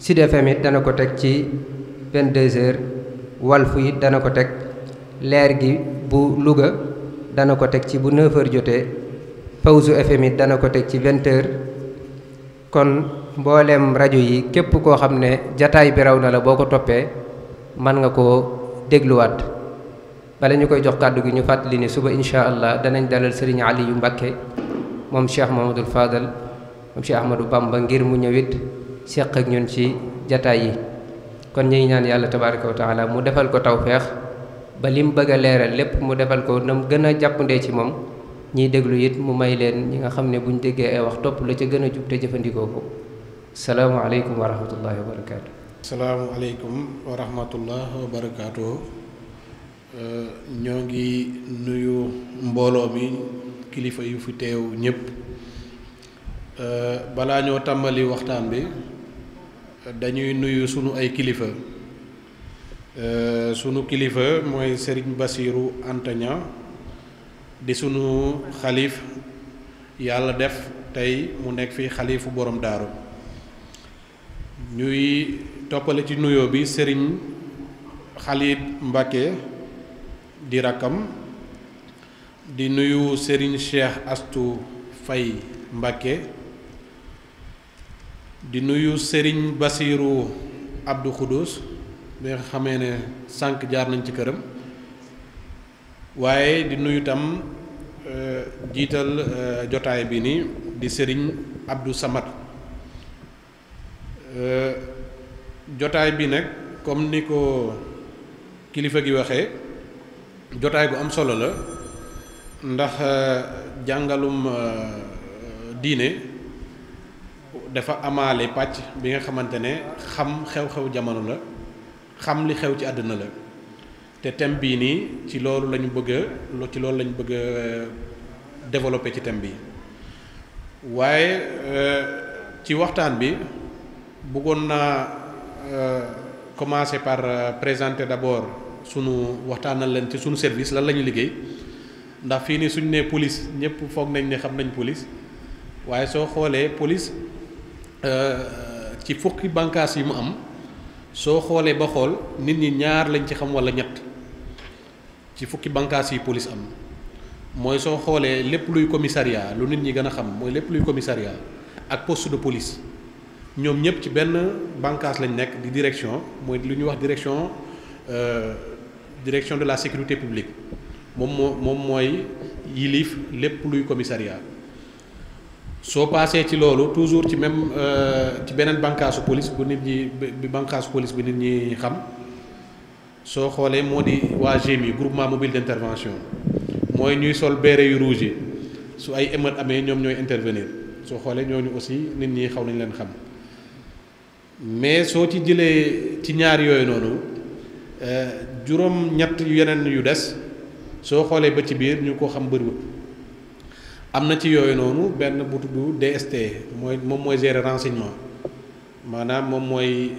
Sud FM it dana ko teg ci 22h Walf it dana ko teg leer gi bu Louga dana ko teg ci bu 9h jotee Fawzu FM it dana ko teg ci 20 kon mbooleem rajo yi képp koo xam ne jataay bi raw na la boo ko toppee mën nga ko dégluwaat bala ñu koy jox kàddu gi ñu fàttali ne suba incha allah danañ dalal Serigne yu Mbacké moom Cheikh Mamadou Fadal moom Cheikh Ahmadou Bamba ngir mu ñëw it séq ak ñun ci jataay yi kon ñu ngi ñaan yàlla tabaraka wa taala mu defal ko tawféex ba li mu bëgg a leeral lépp mu defal ko na mu gën a jàppandee ci moom ñiy déglu it mu may leen ñi nga xam ne buñ déggee ay wax topp la ca gën a jub te jëfandikoo ko salaamaaleykum wa rahmatullahi wa barakaatu. salaamualeykum wa rahmatullah wa barakaatu euh, ñoo ngi nuyu mbooloo mi kilifa yu fi teew ñépp Euh, balaa ñoo tàmbali waxtaan bi dañuy nuyu sunu ay kilifa euh, sunu kilifa mooy Serigne Bassirou Antaña di sunu xalif yàlla def tey mu nekk fi xalifu borom daaru ñuy toppale ci nuyoo bi sëriñ Khalid Mbacké di rakkam di nuyu Serigne Cheikh astu Faye Mbacké di nuyu sëriñ Basiiru Abdou Khoudous bi nga ne sànq jaar nañ ci këram waaye di nuyu tam euh, jiital euh, jotaay bi nii di Serigne Abdou Samad euh, jotaay bi nag comme ni ko kilifa gi waxee jotaay bu am solo la ndax jàngalum diine dafa amaale pàcc bi nga xamante ne xam xew-xew jamono la xam li xew ci àdduna la te thème bii nii ci loolu lañu ñu bëgg a ci loolu la ñu bëgg a euh, ci thème bi waaye euh, ci waxtaan bi bëggoon naa euh, commencer par présenter d'abord sunu waxtaan na leen ci sunu service lan la ñu liggéey ndax fii nii suñ nee police ñëpp foog nañ ne xam nañ police waaye soo xoolee police. Euh, ci fukki bànqaas yi mu am soo xoolee ba xool nit ñi ñaar lañ ci xam walla ñett ci fukki bànqaas yi police am mooy soo xoolee lépp luy commissariat lu nit ñi gën a xam mooy lépp luy commissariat ak post de police ñoom ñëpp ci benn bànqaas lañ nekk di direction mooy lu ñuy wax direction euh, direction de la sécurité publique moom moo moom mooy yilif lépp luy commissariat soo paasee ci loolu toujours ci même euh, ci beneen bànqaasu police bu nit ñi bi bànqaasu police bi nit ñi xam soo xoolee moo di waa GMI groupement mobile d'intervention mooy ñuy sol béere yu rouge yi su ay émeute amee ñoom ñooy intervenir soo xoolee ñooñu aussi nit ñi xaw nañ leen xam mais soo ci jëlee ci ñaar yooyu noonu euh, juróom-ñett yu yeneen yu des soo xoolee ba ci biir ñu ko xam bëriwul. am na ci yooyu noonu benn bu tudd DST mooy moom mooy gérer renseignement maanaam moom mooy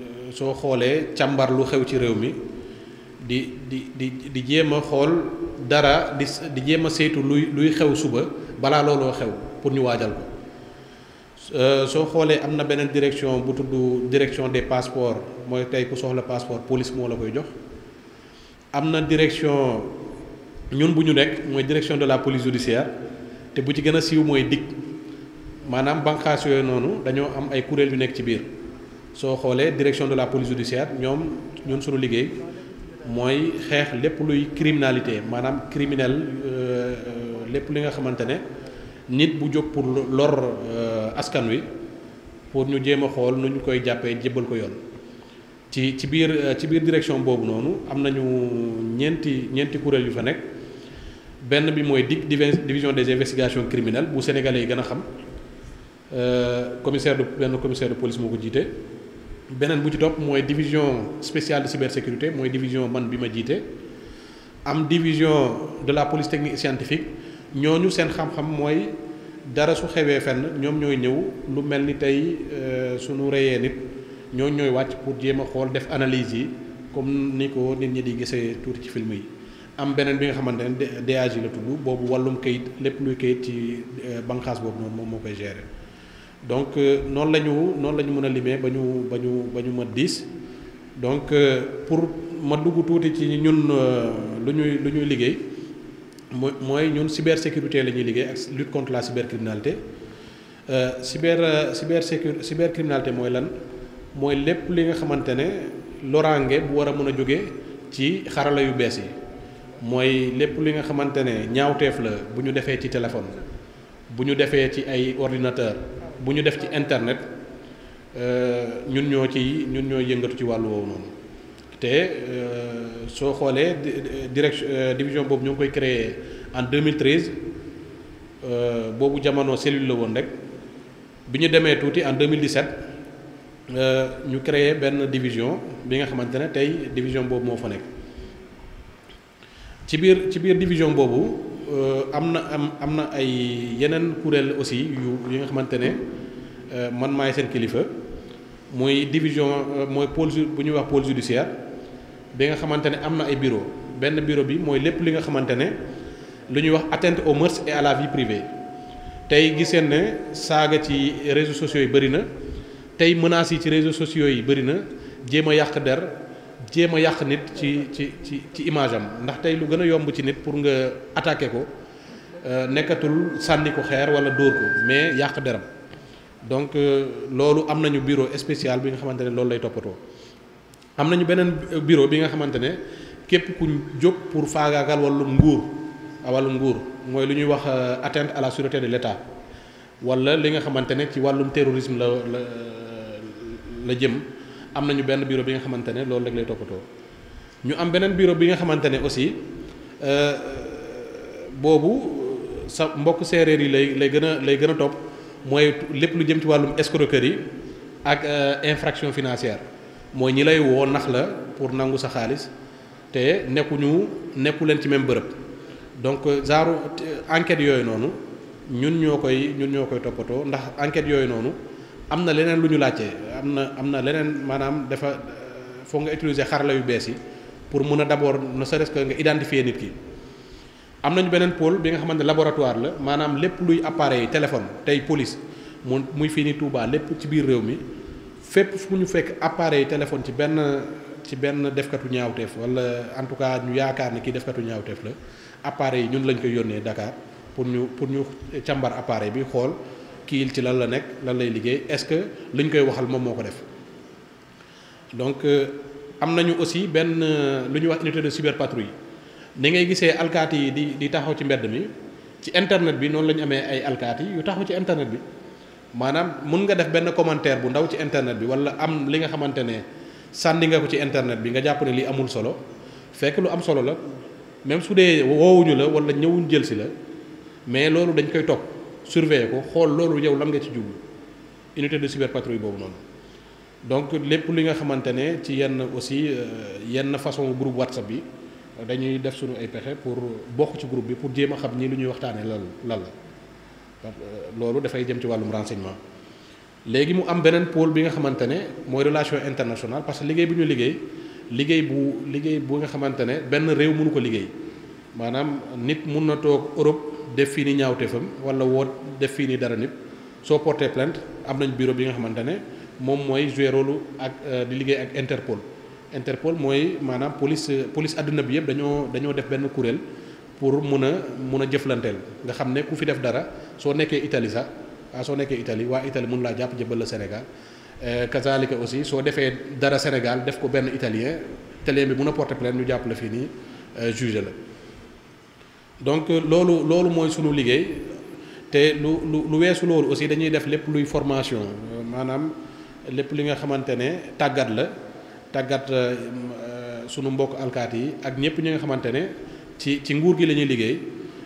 euh, soo xoolee càmbar lu xew ci réew mi di di di di jéem a xool dara di di jéem a saytu luy luy xew suba balaa looloo xew pour ñu waajal ko euh, soo xoolee am na beneen direction bu tudd direction de passeports mooy tey ku soxla passeport police moo la koy jox am na direction ñun bu ñu nekk mooy direction de la police judiciaire te bu ci gën a siiw mooy dig maanaam banqaas yooyu noonu dañoo am ay kuréel yu nekk ci biir soo xoolee direction de la police judiciaire ñoom ñun suñu liggéey mooy xeex lépp luy criminalité maanaam criminel euh, lépp li nga xamante ne nit bu jóg pour lor euh, askan wi pour ñu jéem a xool nu ñu koy jàppee jébbal ko yoon ci ci biir ci biir direction boobu noonu am nañu ñeenti ñeenti kuréel yu fa nekk benn bi mooy DIC division des investigations criminelles bu sénégalais gën a xam euh, commissaire de benn commissaire de police moo ko jiite. beneen bu ci topp mooy division spéciale de cybersécurité mooy division man bi ma jiite am division de la police technique et scientifique ñooñu seen xam-xam mooy dara su xewee fenn ñoom ñooy ñëw lu mel ni tey euh, suñu reyee nit ñooñu ñooy wàcc pour jéem a xool def analyse yi comme ni ko nit ñi di gisee tuuti ci film yi. am beneen bi nga xamante ne DAG la tudd boobu wàllum kayit lépp luy kayit ci euh, banqaas boobu noonu moom moo koy gere donc euh, noonu la ñu noonu la ñu mën a limee ba ñu ba ñu ba ñu mat donc euh, pour ma dugg tuuti ci ñun lu ñuy lu ñuy liggéey mooy mooy ñun cybersécurité la ñuy liggéey ak lutte contre la cybercriminalité cyber cybersécu cybercriminalité mooy lan mooy lépp li nga xamante ne loraange bu war a mën a jóge ci xarala yu bees yi. mooy lépp li nga xamante ne ñaawteef la bu ñu defee ci téléphone bu ñu defee ci ay ordinateur bu ñu def ci internet euh, ñun ñoo ci ñun ñoo yëngatu ci wàllu woowu noonu te euh, soo xoolee direction euh, division boobu ñu ngi koy créé en 2013 boobu jamono cellule la woon rek bi ñu demee tuuti en 2017 ñu créé benn division bi nga xamante ne tey division boobu moo fa nekk. ci biir ci biir division boobu euh, am na am am na ay yeneen kuréel aussi yu yi nga xamante ne euh, man maay seen kilifa mooy division euh, mooy pôle bu ñuy wax pôle judiciaire bi nga xamante ne am na ay bureau benn biro bi mooy lépp li nga xamante ne lu ñuy wax atteinte au mœurs et à la vie privée tey giseen ne saaga ci réseaux sociaux yi bëri na tey menaces yi ci réseau sociaux yi bëri na jéem a yàq der jéem a yàq nit ci ci ci ci image ndax tey lu gën a yomb ci nit pour nga attaqué ko euh, nekkatul sànni ko xeer wala dóor ko mais yàq deram donc euh, loolu am nañu bureau spécial bi nga xamante ne loolu lay toppatoo am nañu beneen bureau bi nga xamante ne képp ku jóg pour faagaagal wàllu nguur ah, wàllum nguur mooy lu ñuy wax euh, atteinte à la sûreté de l'État wala li nga xamante ne ci wàllum terrorisme la la la jëm am nañu benn bureau bi nga xamante ne loolu rek lay toppatoo ñu am beneen bureau bi nga xamante ne aussi euh, boobu euh, sa mbokk séeréer yi lay lay gën a lay gën a topp mooy lépp lu jëm ci wàllum yi ak euh, infraction financière mooy ñi lay woo nax la pour nangu sa xaalis te nekkuñu nekku leen ci même bërëb donc genre enquête yooyu noonu ñun ñoo koy ñun ñoo koy toppatoo ndax enquête yooyu noonu am na leneen lu ñu laajte am na am na leneen maanaam dafa foog nga utiliser xarala yu bees yi pour mun a d'abord ne serait-ce nga identifier nit ki am nañu beneen pôle bi nga xamante ne laboratoire la maanaam lépp luy appareil téléphone tey police mu muy fii ni Touba lépp ci biir réew mi fépp fu ñu fekk appareil téléphone ci benn ci benn defkatu ñaawteef wala en tout cas ñu yaakaar ne kii defkatu ñaawteef la appareil yi ñun lañ koy yónnee dakaar pour ñu pour ñu càmbar appareil bi xool kiil ci lan la nekk lan lay liggéey est-ce que li ñu koy waxal moom moo ko def donc euh, am nañu aussi benn lu ñuy wax unité de yi ni ngay gisee alkaati yi di di taxaw ci mbedd mi ci internet bi noonu la amee ay alkaati yu taxaw ci internet bi maanaam mun nga def benn commentaire bu ndaw ci internet bi walla am li nga xamante ne sànni nga ko ci internet bi nga jàpp ne lii amul solo fekk lu am solo la même su dee wowuñu la walla ñëwuñ jël si la mais loolu dañ koy topp. surveiller ko xool loolu yow lan nga ci jublu unité de cyberpatrouille boobu noonu donc lépp li nga xamante ne ci yenn aussi euh, yenn façon groupe WhatsApp bi dañuy def suñu ay pexe pour bokk ci groupe bi pour jéem a xam ñi lu ñuy waxtaanee lan lan euh, loolu dafay jëm ci wàllum renseignement léegi mu am beneen pôle bi nga xamante ne mooy relation internationale parce que liggéey bu ñu liggéey liggéey bu liggéey bu nga xamante ne benn réew mënu ko liggéey maanaam nit mun na toog Europe def fii ni ñaawteefam wala woo def fii ni dara nit soo porté plainte am nañ bureau bi nga xamante ne moom mooy joué rôle ak euh, di liggéey ak Interpol Interpol mooy maanaam police police àdduna bi yëpp dañoo dañoo def benn kuréel pour mun a mun a jëflanteel nga xam ne ku fi def dara soo nekkee Italie sax ah soo nekkee Italie waa Italie mun laa jàpp jëbal la Sénégal euh, kazaalika aussi soo defee dara Sénégal def ko benn italien italien bi mun a porté plainte ñu jàpp la fii nii euh, juge la donc euh, loolu loolu mooy sunu liggéey te lu lu lu weesu loolu aussi dañuy def lépp luy formation euh, maanaam lépp li nga xamante ne tàggat la tàggat euh, sunu mbokk alkaat yi ak ñëpp ñi nga xamante ne ci ci nguur gi la ñuy liggéey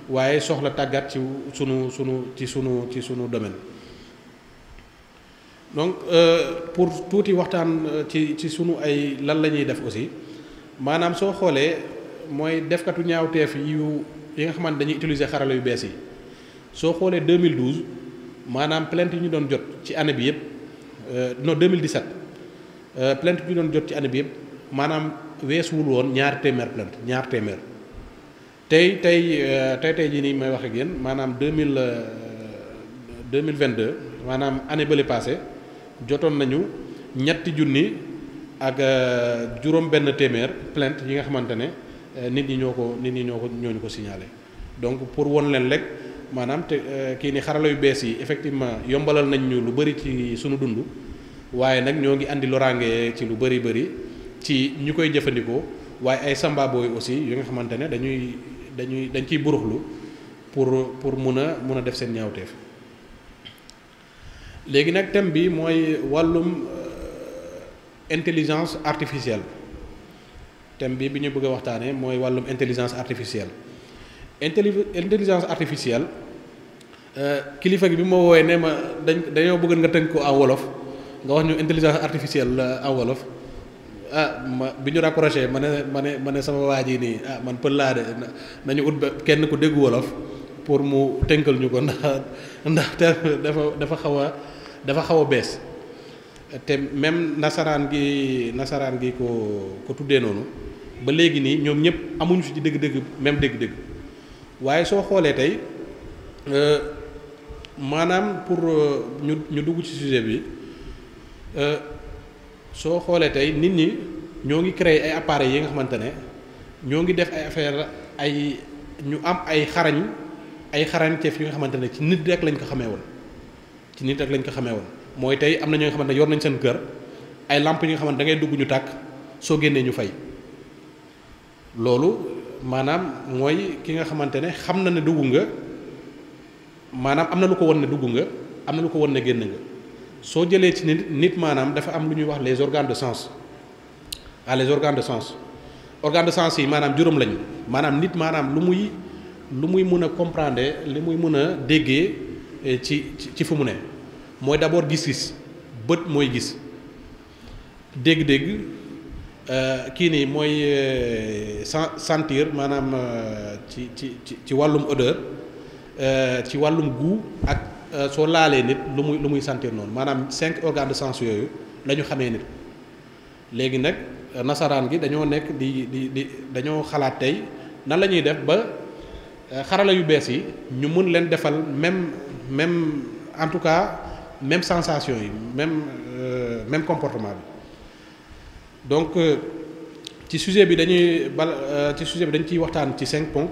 waaye soxla tàggat ci sunu sunu ci sunu ci sunu domaine donc pour tuuti waxtaan ci ci sunu ay lan la ñuy def aussi maanaam soo xoolee mooy defkatu ñaawteef yu yi nga xamante dañuy utiliser xarala yu bees yi soo xoolee 2012 maanaam plainte yi ñu doon jot ci année bi yëpp euh, non 2017 euh, plainte bi ñu doon jot ci année bi yëpp maanaam weesuwul woon ñaar téeméer plainte ñaar téeméer tey tey euh, tey tey jii nii may wax ak yéen maanaam 2000 2022 maanaam année bële passé jotoon nañu ñetti junni ak juróom benn téeméer plainte yi nga xamante ne Euh, nit ñi ñoo ko nit ñi ñoo ko ñooñu ko signalé donc pour won leen rek maanaam te euh, kii ni xarala yu bees yi effectivement yombalal nañ ñu lu bëri ci suñu dund waaye nag ñoo ngi indi loraange ci lu bëri bëri ci ñu koy jëfandikoo waaye ay sambaabooy aussi yu nga xamante ne dañuy dañuy dañ ciy buruxlu pour pour mun a mun a def seen ñaawteef léegi nag thème bi mooy wàllum euh, intelligence artificielle thème bi bi ñu bëgg waxtaanee mooy wàllum intelligence artificielle intelligence artificielle euh, kilifa gi bi ma woowee ne ma dañ dañoo bëgg nga tënk ko en wolof nga wax ñu intelligence artificielle euh, en wolof ah ma bi ñu raccroché ma ne ma ne ma sama waa ji nii ah man pël laa de nañu ut ba kenn ku dégg wolof pour mu tënkal ñu ko ndax ndax dafa dafa xaw a dafa xaw a bees. te même nasaraan gi nasaraan gi ko ko tuddee noonu ba léegi nii ñoom ñëpp amuñu fi ci dëgg-dëgg même dëgg-dëgg waaye soo xoolee tey euh, maanaam pour euh, ñu ñu dugg ci sujet bi euh, soo xoolee tey nit ñi ñoo ngi créer ay appareils yi nga xamante ne ñoo ngi def ay affaire ay ñu am ay xarañ ay xarañteef yi nga xamante ne ci nit rek lañ ko xamee woon ci nit rek lañ ko xamee woon. mooy tey am na ñoo xamante ne yor nañ seen kër ay làmp yi nga xamante da ngay dugg ñu tàkk soo génnee ñu fay loolu maanaam mooy ki nga xamante ne xam na ne dugg nga maanaam am na lu ko won ne dugg nga am na lu ko won ne génn nga soo jëlee ci nit nit maanaam dafa am lu ñuy wax les organes de sens ah les organes de sens organes de sens yi maanaam juróom lañu maanaam nit maanaam lu muy lu muy mën a comprendre li muy mën a déggee eh, ci ci fu mu ne mooy d'abord gis-gis bët mooy gis dégg-dégg euh, kii nii mooy euh, san sentir maanaam euh, ci ci ci ci wàllum odeur ci wàllum goût ak soo laalee nit lu muy lu muy sentir noonu maanaam cinq organes de sens yooyu lañu xamee nit léegi nag nasaraan gi dañoo nekk di di di dañoo xalaat tey nan la ñuy def ba xarala yu bees yi ñu mën leen defal même même en tout cas même sensation yi même euh, même comportement bi donc euh, ci sujet bi dañuy bal euh, ci sujet bi dañ ciy waxtaan ci cinq ponts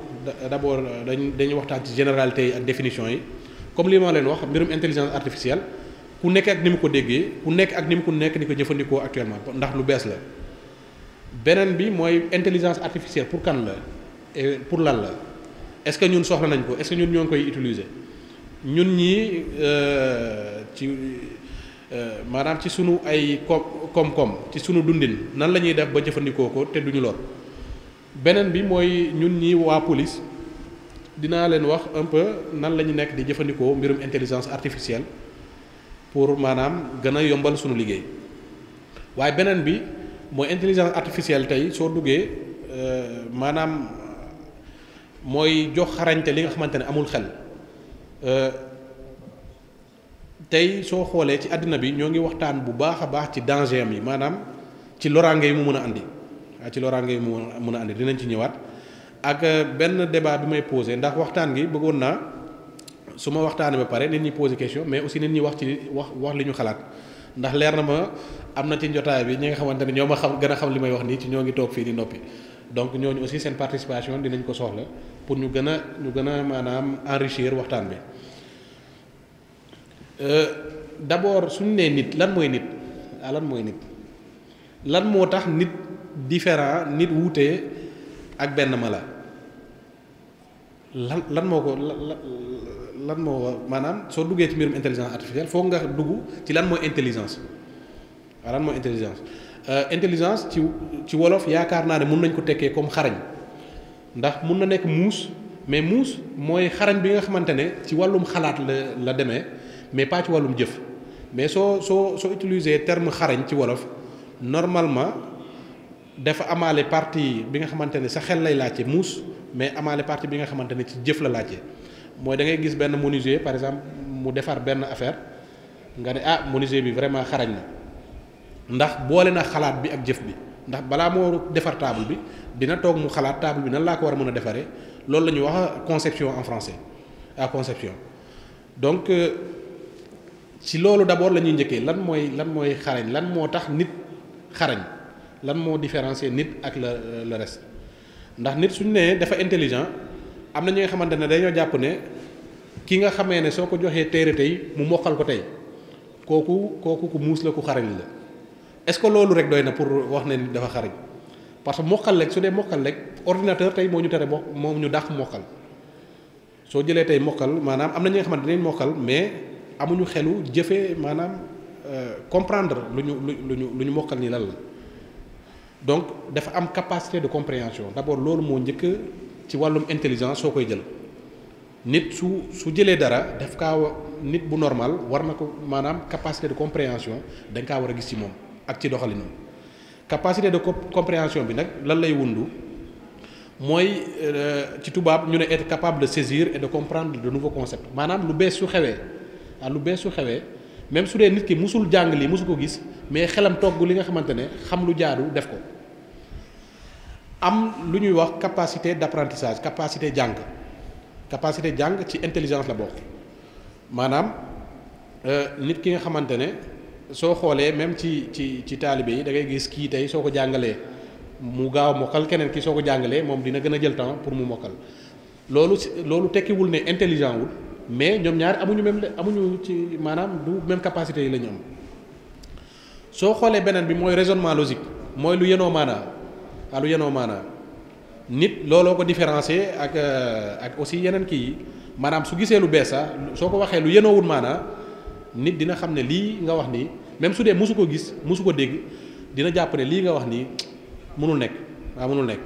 d'abord dañ dañu waxtaan ci généralité yi ak définition yi comme li ma leen wax mbirum intelligence artificielle ku nekk ak ni mu ko déggee ku nekk ak ni mu ko nekk di ko jëfandikoo actuellement ndax lu bees la beneen bi mooy intelligence artificielle pour kan la pour lan la est-ce que ñun soxla nañ ko est-ce que ñun ñoo koy utiliser ñun ñi euh, ci euh, maanaam ci suñu ay koom-koom ci sunu dundin nan lañuy def ba jëfandikoo ko te duñu lool beneen bi mooy ñun ñi waa police dinaa leen wax un nan la ñu nekk di jëfandikoo mbirum intelligence artificielle pour maanaam gën a yombal suñu liggéey waaye beneen bi mooy intelligence artificielle tey soo duggee euh, maanaam mooy jox xarañte li nga xamante ne amul xel Euh, tey soo xoolee ci àddina bi ñoo ngi waxtaan bu baax a baax ci danger am yi maanaam ci loraange yi mu mën a andi ci loraange yi mu mën a andi dinañ ci ñëwaat ak euh, benn débat bi may posé ndax waxtaan gi bëggoon naa su ma waxtaanee ba pare nit ñi posé question mais aussi nit ñi wax ci wax wax li ñu xalaat ndax leer na ma am na ci njotaay bi ñi nga xamante ne ñoo ma xam gën a xam li may wax nii ci ñoo ngi toog fii di noppi donc ñooñu aussi seen participation dinañ ko soxla pour ñu gën a ñu gën a maanaam enrichir waxtaan bi. Euh, d'abord suñ nee nit lan mooy nit ah, lan mooy nit lan moo tax nit différent nit wuute ak benn mala lan lan moo ko lan moo maanaam soo duggee ci mbirum intelligence artificielle foog nga dugg ci lan mooy intelligence waaw ah, lan mooy intelligence euh, intelligence ci ci wolof yaakaar naa ne mun nañ ko tekkee comme xarañ ndax mun na nekk muus mais muus mooy xarañ bi nga xamante ne ci wàllum xalaat la la demee mais pas ci wàllum jëf mais soo soo soo utiliser terme xarañ ci wolof normalement dafa amaale parti bi nga xamante ne sa xel lay laajte muus mais amaale parti bi nga xamante ne ci jëf la laajte mooy da ngay gis benn menuisier par exemple mu defar benn affaire nga ne ah menuisier bi vraiment xarañ na ndax boole na xalaat bi ak jëf bi ndax balaa moo defar table bi dina toog mu xalaat table bi nan laa ko war a mën a defaree loolu la ñuy wax conception en français à ah, ci loolu d'abord la ñuy njëkkee lan mooy lan mooy xarañ lan moo tax nit xarañ lan moo différencier nit ak la le reste ndax nit suñu nee dafa intelligent am na ñi nga xamante ne dañoo jàpp ne ki nga xamee ne soo ko joxee téere tey mu mokkal ko tey kooku kooku ku muus la ku xarañ la est-ce que loolu rek doy na pour wax ne nit dafa xarañ parce que mokkal rek su dee mokkal rek ordinateur tey moo ñu tere mo moom ñu dàq mokkal soo jëlee tey mokkal maanaam am na ñi nga xamante ne dinañ mokkal mais. amuñu xelu jëfee maanaam euh, comprendre lu ñu lu ñu lu ñu mokkal ni lan la donc dafa am capacité de compréhension d'abord loolu moo njëkk ci wàllum intelligence soo koy jël nit su su jëlee dara daf kaa nit bu normal war na ko maanaam capacité de compréhension da nga kaa war a gis ci moom ak ci doxalinam capacité de compréhension bi nag lan lay wundu mooy euh, ci tubaab ñu ne être capable de saisir et de comprendre de nouveaux concepts maanaam lu bees su xewee. ah lu bees su xewee même su dee nit ki musul jàng lii musu ko gis mais xelam togg li nga xamante ne xam lu jaadu def ko am lu ñuy wax capacité d'apprentissage capacité jàng capacité jàng ci intelligence la bokk maanaam euh, nit ki nga xamante ne soo xoolee même ci ci ci taalibe yi da ngay gis kii tey soo ko jàngalee mu gaaw mokkal keneen ki soo ko jàngalee moom dina gën a jël temps pour mu mokkal loolu si loolu tekkiwul ne intelligent wul mais ñoom ñaar amuñu même amuñu ci maanaam du même capacité yi la ñu am soo xoolee beneen bi mooy raisonnement logique mooy lu yenoo maanaa ah lu yenoo maanaa nit looloo ko différencier ak euh, ak aussi yeneen kii maanaam su gisee lu bees sax soo ko waxee lu yenoowul maanaa nit dina xam ne lii nga wax nii même su dee mosu ko gis mosu ko dégg dina jàpp lii nga wax nii mënul nekk waaw ah, nekk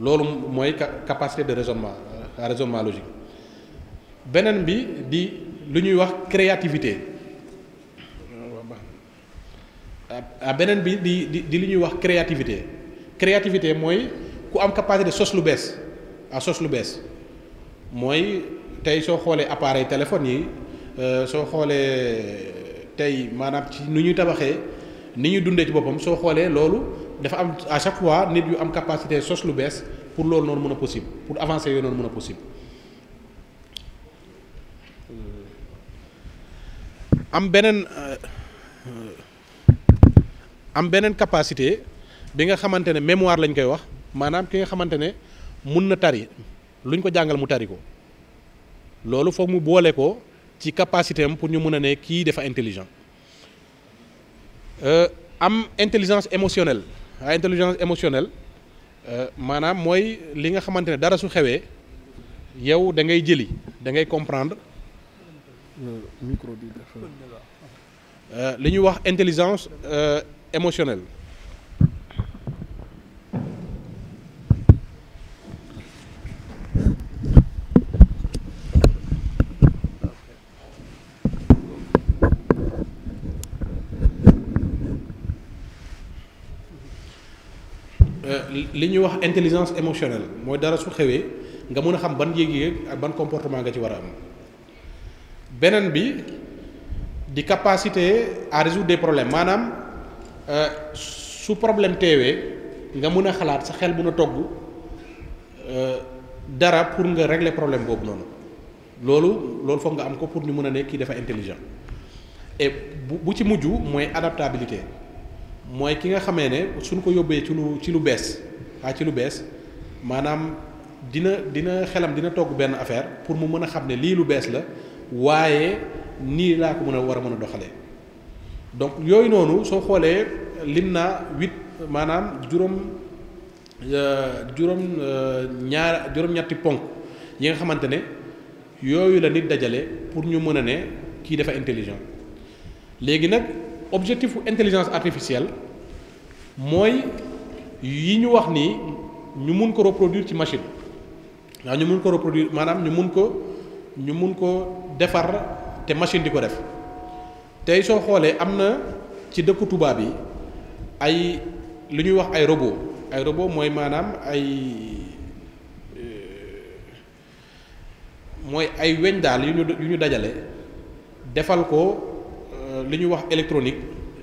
loolu mooy capacité de raisonnement euh, raisonnement logique beneen bi di lu ñuy wax créativité ah beneen bi di di di lu ñuy wax créativité créativité mooy ku am capacité sos lu bees ah sos lu bees mooy tey soo xoolee appareil téléphone yi euh, soo xoolee tey maanaam ci ni ñuy tabaxee ni ñuy dundee ci boppam soo xoolee loolu dafa am à chaque fois nit yu am capacité sos lu bees pour loolu noonu mën a possible pour avancer yooyu noonu mën a possible. am beneen euh, am beneen capacité bi nga xamante ne mémoire lañ koy wax maanaam ki nga xamante ne mun na tari luñ ko jàngal mu tari ko loolu foog mu boole ko ci capacité pour ñu mën a ne kii dafa intelligent euh, am intelligence émotionnelle ah intelligence émotionnelle euh, maanaam mooy li nga xamante ne dara su xewee yow da ngay jëli da ngay comprendre micro Euh, li ñuy wax intelligence euh, émotionnelle euh, li ñuy wax intelligence émotionnelle mooy dara su xewee nga mën a xam ban yéeg-yéeg ak ban comportement nga ci war a am beneen bi di capacité à résoudre des problèmes maanaam euh, su problème teewee nga mën a xalaat sa xel mën a togg euh, dara pour nga régler problème boobu noonu loolu loolu foog nga am ko pour ñu mën a ne kii dafa intelligent et bu ci mujj mooy adaptabilité mooy ki nga xamee ne suñ ko yóbbee ci lu ci lu bees ah ci lu bees maanaam dina dina xelam dina togg benn affaire pour mu mën a xam ne lii lu bees la waaye. nii laa ko mën a war a mën a doxalee donc yooyu noonu soo xoolee lim na wit maanaam juróom euh, juróom euh, ñaar juróom-ñetti ponk yi nga xamante ne yooyu la nit dajale pour ñu mën a ne kii dafa intelligent léegi nag objectif intelligence artificielle mooy yi ñu wax nii ñu mun ko reproduire ci machine waaw ñu mun ko reproduire maanaam ñu mun ko ñu mun ko defar te machine di ko def tey soo xoolee am na ci dëkku tubaab yi ay lu ñuy wax ay robot ay robot mooy maanaam ay mooy ay weñ daal yu ñu yu ñu dajale defal ko euh, li ñuy wax électronique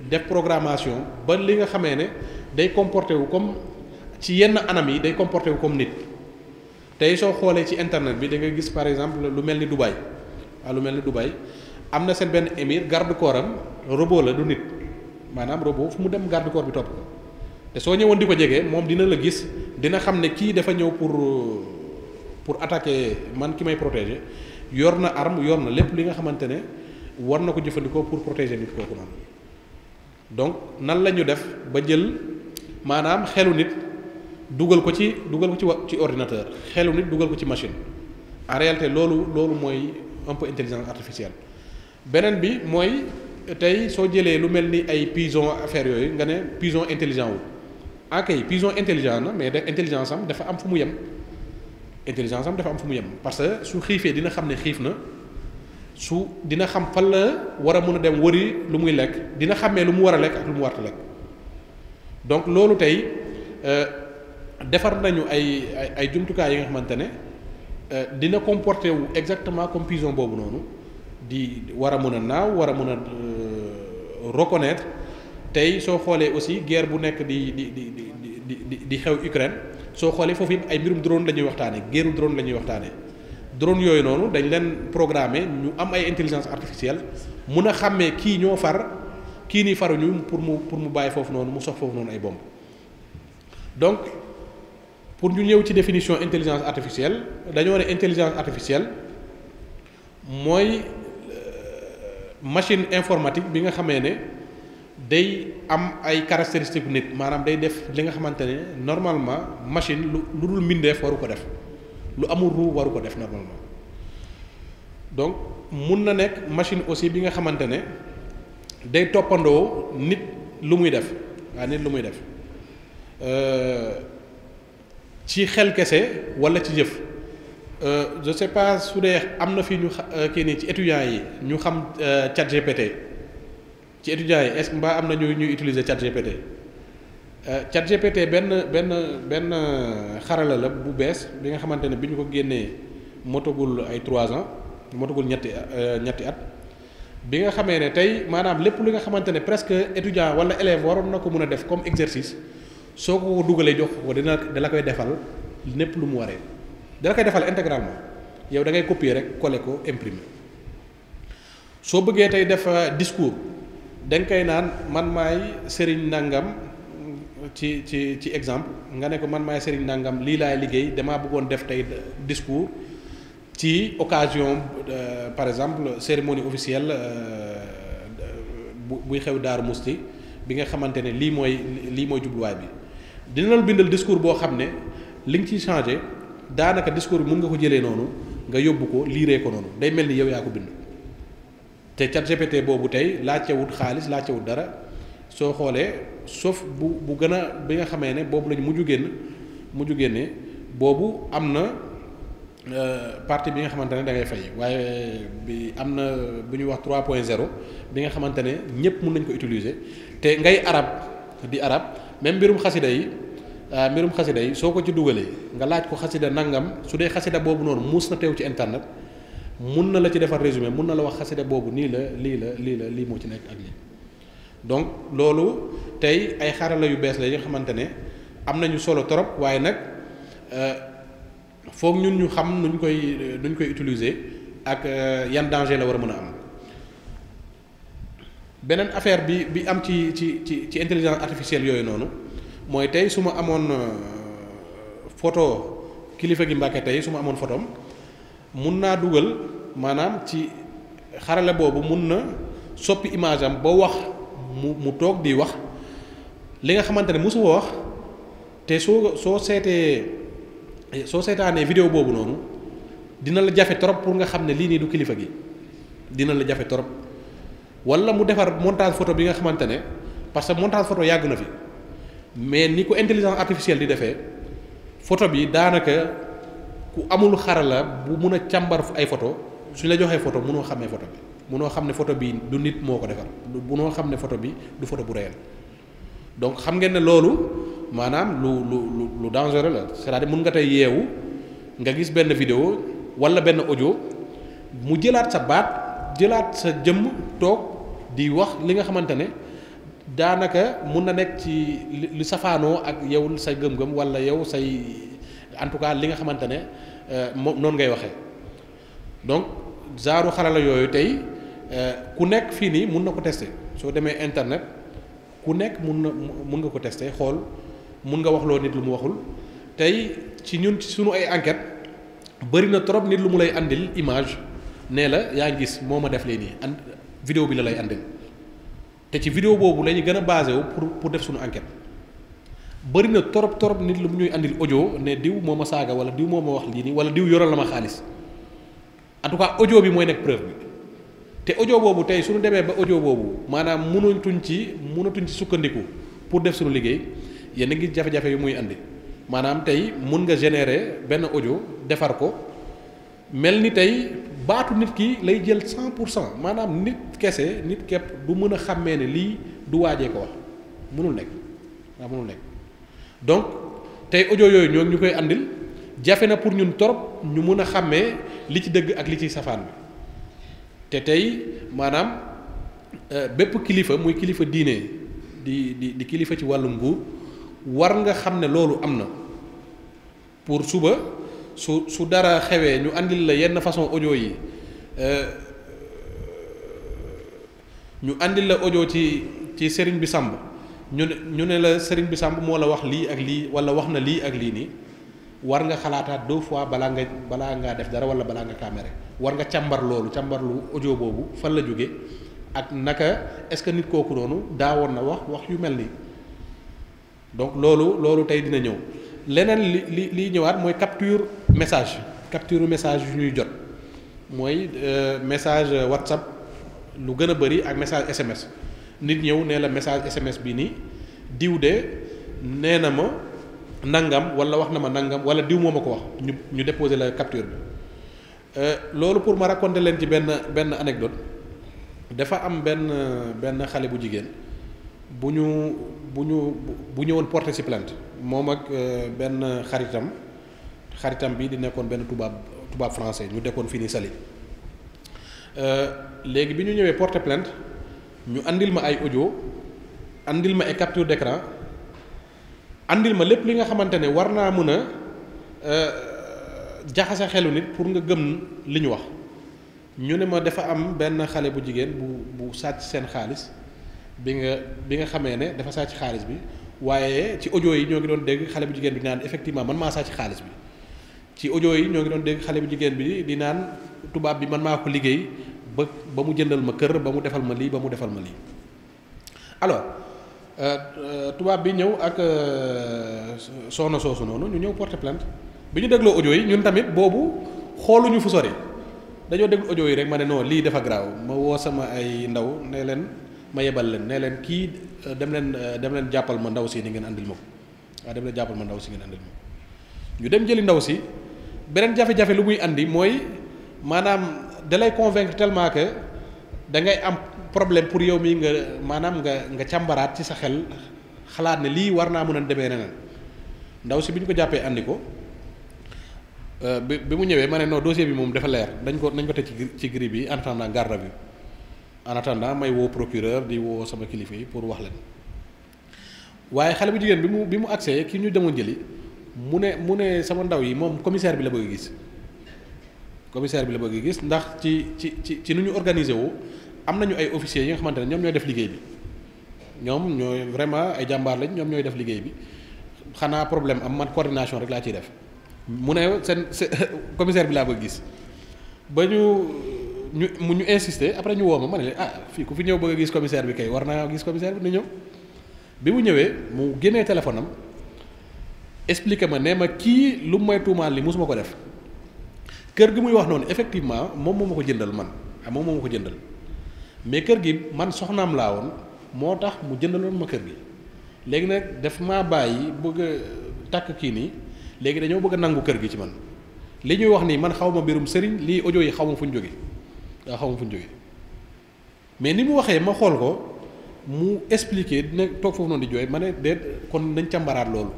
def programmation ba li nga xamee ne day comporté wu comme ci yenn anam yi day comporté wu comme nit tey soo xoolee ci internet bi da nga gis par exemple lu mel ni Dubaï lu mel ni Dubaï am na seen benn émir garde corps am robot la du nit maanaam robot fu mu dem garde corps bi topp ko te soo ñëwoon di ko jege moom dina la gis dina xam ne kii dafa ñëw pour pour attaquer man ki may protéger yor na arme yor na lépp li nga xamante ne war na ko jëfandikoo pour protéger nit kooku noonu donc nan la ñu def ba jël maanaam xelu nit dugal ko ci dugal ko ci wa ci ordinateur xelu nit dugal ko ci machine en réalité loolu loolu mooy un peu intelligence artificielle beneen bi mooy tey soo jëlee lu mel ni ay pigeon affaire yooyu nga ne pison intelligent wu akay ah, pigeon intelligent na mais da intelligence am dafa am fu mu yem intelligence am dafa am fu mu yem parce que su xiifee dina xam ne xiif na su dina xam fan la war a mun a dem wëri lu muy lekk dina xàmmee lu mu war a lekk ak lu mu warta lekk donc loolu tey euh, defar nañu ay ay ay jumtukaay yi nga xamante ne Euh, dina comporter wu exactement comme pigeon boobu noonu di war a mën a naaw war a mën a euh, reconnaître tey soo xoolee aussi guerre bu nekk di di di di di di xew Ukraine soo xoolee foofu it ay mbirum drone lañuy waxtaanee guerru drone la ñuy waxtaanee drone yooyu noonu dañ leen programmer ñu am ay intelligence artificielle mun a xàmmee kii ñoo far kii nii faruñu pour mu pour mu bàyyi foofu noonu mu sox foofu noonu ay bomb donc pour ñu ñëw ci définition intelligence artificielle dañoo ne intelligence artificielle mooy euh, machine informatique bi nga xamee ne day am ay caractéristiques nit maanaam day def li nga xamante ne normalement machine lu lu dul mbindeef waru ko def lu amul ruu waru ko def normalement donc mun na nekk machine aussi bi nga xamante ne day toppandoo nit lu muy def waaw nit lu muy def. Euh, ci xel kese wala ci jëf euh, je sais pas su dee am na fi ñu xa euh, kii nii ci étudiants yi ñu xam euh, chat GPT ci étudiants yi est mbaa am na ñu ñuy utiliser chat GPT chat benn benn benn xarala la bu bees bi nga xamante ne bi ñu ko génnee motogul ay trois ans motogul ñetti ñetti at bi nga xamee ne tey maanaam lépp li nga xamante ne presque étudiant wala élève waroon na ko mën a def comme exercice soo ko dugalee jox ko dana dala koy defal népp lu mu waree dala koy defal intégralement yow da ngay copier rek coller ko imprimer soo bëggee tey def euh, discours da koy naan man maay sëriñ nangam ci ci ci exemple nga ne ko man maay sëriñ nangam lii laay liggéey damaa bëggoon def tey discours ci occasion euh, par exemple cérémonie officielle euh, bu buy xew Daaru Musti bi nga xamante ne lii mooy lii mooy jubluwaay bi dina la bindal discours boo xam ne li nga ciy changé daanaka discours bi mën nga ko jëlee noonu nga yóbbu ko liiree ko noonu day mel ni yow yaa ko bind. te chat GPT boobu tey laajtewut xaalis laajtewut dara soo xoolee sof bu bu gën a bi nga xamee ne boobu lañ mujju génn mujj génne boobu am na. Euh, partie bi nga xamante ne da ngay fay waaye bi am na bu ñuy wax 3 point 0 bi nga xamante ne ñëpp mën nañ ko utiliser te ngay arab di arab même mbirum xasida yi euh, mbirum xasida yi soo ko ci dugalee nga laaj ko xasida nangam su dee xasida boobu noonu muus na teew ci internet mun na la ci defar résumé mun na la wax xasida boobu nii la lii la lii la lii moo ci nekk ak lii donc loolu tey ay xarala yu bees la yi nga xamante ne am nañu solo trop waaye nag euh, foog ñun ñu xam nuñ koy nuñ koy utiliser ak euh, yan danger la war a mën a am beneen affaire bi bi am ci ci ci ci intelligence artificielle yooyu noonu mooy tey su ma amoon euh, photo kilifa gi Mbàkke tey su ma amoon photom mun naa dugal maanaam ci xarale boobu mun na soppi image am ba wax mu mu toog di wax li nga xamante ne mosu wax te soo soo seetee soo seetaanee vidéo boobu noonu dina la jafe trop pour nga xam ne lii nii du kilifa gi dina la jafe trop. wala mu defar montage photo bi nga xamante ne parce que montage photo yàgg na fi mais ni ko intelligence artificielle di defee photo bi daanaka ku amul xarala bu mun a càmbar ay photo suñ la joxee photo mënoo xamee photo bi xam ne photo bi du nit moo ko defar noo xam ne photo bi du photo bu réel donc xam ngeen ne loolu maanaam lu lu lu lu la c'est-à-dire mun nga tey yeewu nga gis benn vidéo wala benn ojo mu jëlaat sa baat. jëlaat sa jëmm toog di wax li nga xamante ne daanaka mun na nekk ci lu safaanoo ak yow sa gëm-gëm wala yow say en tout cas li nga xamante ne euh, moom noonu ngay waxee donc zaaru xarala yooyu tey euh, ku nekk fii nii mun na ko tester soo demee internet ku nekk mun na mun nga ko tester xool mun nga wax loo nit lu mu waxul tey ci ñun ci sunu ay enquête bëri na trop nit lu mu lay andil image. nee la yaa ngi gis moo ma def leen nii and vidéo bi la lay andil te ci vidéo boobu la ñu gën a basé pour pour def suñu enquête bëri na torop torop nit lu mu ñuy andil audio ne diw moo ma saaga wala diw moo ma wax lii nii wala diw yoral la ma xaalis en tout cas audio bi mooy nekk preuve bi te audio boobu tey suñu demee ba audio boobu maanaam mënatuñ ci munatuñ ci sukkandiku pour def suñu liggéey yéen a ngi jafe-jafe yu muy andi maanaam tey mun nga générer benn audio defar ko mel ni tey baatu nit ki lay jël cent pour cent maanaam nit kese nit képp du mën a xàmmee ne lii du waajee ko wax mënul nekk waa mënul nekk donc tey audio yooyu ñoo ñu koy andil jafe na pour ñun torop ñu mën a xàmmee li ci dëgg ak li ci safaan bi te tey maanaam euh, bépp kilifa muy kilifa diine di di di kilifa ci wàllu nguur war nga xam ne loolu am na pour suba. su su dara xewee ñu andil la yenn façon audio yi euh, ñu andil la ojo ci ci sëriñ bi sàmb ñu ne ñu ne la sëriñ bi sàmb moo la wax lii ak lii wala wax na lii ak lii nii war nga xalaataat deux fois balaa nga balaa ngaa def dara wala balaa nga caméra war nga càmbar loolu càmbar lu boobu fan la jóge ak naka est-ce nit kooku noonu daawoon na wax wax yu mel nii donc loolu loolu tey dina ñëw leneen li li liy ñëwaat mooy capture message capture message yu ñuy jot mooy euh, message WhatsApp lu gën a bëri ak message SMS nit ñëw nee la message SMS bi nii diw de nee na ma nangam wala wax na ma nangam wala diw moom ma ko wax ñu ñu déposer la capture bi euh, loolu pour ma raconter leen ci benn benn anecdote dafa am benn benn xale bu jigéen bu ñu bu ñu bu ñëwoon porter ci plainte moom ak euh, benn xaritam. xaritam bi di nekkoon benn tubaab tubaab français ñu dekkoon fii nii Saly euh, léegi bi ñu ñëwee porte plainte ñu andil ma ay audio andil ma ay capture d'écran andil ma lépp li nga xamante ne war naa mën a euh, jaxase xelu nit pour nga gëm li ñu wax ñu ne ma dafa am benn xale bu jigéen bu bu sàcc seen xaalis bi nga bi nga xamee ne dafa sàcc xaalis bi waaye ci audio yi ñoo ngi doon dégg xale bu jigéen bi naan effectivement man maa sàcc xaalis bi ci audio yi ñoo ngi doon dégg xale bu jigéen bi di naan tubaab bi man maa ko liggéey ba ba mu jëndal ma kër ba mu defal ma lii ba mu defal ma lii alors euh, euh, tubaab bi ñëw ak euh, soxna soosu noonu ñu ñëw porter plainte bi ñu dégloo audio yi ñun tamit boobu xooluñu fu sori dañoo déglu audio yi rek ma ne non lii dafa garaaw ma woo sama ay ndaw ne leen ma yebal leen ne leen kii dem leen dem leen jàppal ma ndaw si ni ngeen andil ma ko waaw dem leen jàppal ma ndaw si ngeen andil ma ko ñu dem jëli ndaw si. beneen jafe-jafe lu muy andi mooy maanaam da lay convaincre tellement que da ngay am problème pour yow mii nga maanaam nga nga càmbaraat ci sa xel xalaat ne lii war naa mën a demee neneen ndaw si bi ñu ko jàppee andi ko euh, bi mu ñëwee ma ne non dossier bi moom dafa leer dañ ko nañ ko te ci ci gri bi en attendant garde à vue en may woo procureur di woo sama kilifa yi pour wax leen waaye xale bu jigéen bi mu bi mu agsee ki ñu demoon jëli. mu ne mu ne sama ndaw yi moom commissaire bi la bëgg gis commissaire bi la bëgg gis ndax ci ci ci ci nu ñu organiser wu am nañu ay officiers yi nga xamante ne ñoom ñooy def liggéey bi ñoom ñooy vraiment ay jàmbaar lañ ñoom ñooy def liggéey bi xanaa problème am man coordination rek laa ciy def mu ne seen commissaire bi laa bëgg gis ba ñu ñu mu ñu insister après ñu woo ma ma ne ah fii ku fi ñëw bëgg a gis commissaire bi kay war naa gis commissaire bi nu ñëw bi mu ñëwee mu génnee téléphone am. expliquer ma ne ma kii lu may tuumaal li mosuma ko def kër gi muy wax noonu effectivement moom moo ma ko jëndal man ah, moom moo ma ko jëndal mais kër gi man soxnaam laa woon moo tax mu jëndaloon ma kër gi léegi nag daf maa bàyyi bëgg a takk kii nii léegi dañoo bëgg nangu kër gi ci man li ñuy wax nii man xaw ma mbirum sëriñ lii audio yi xaw ma fu ñu jógee ah, xaw ma fu mais ni mu waxee ma xool ko mu expliqué dina toog foofu noonu di jooy ma ne déet kon dañ cambaraat loolu.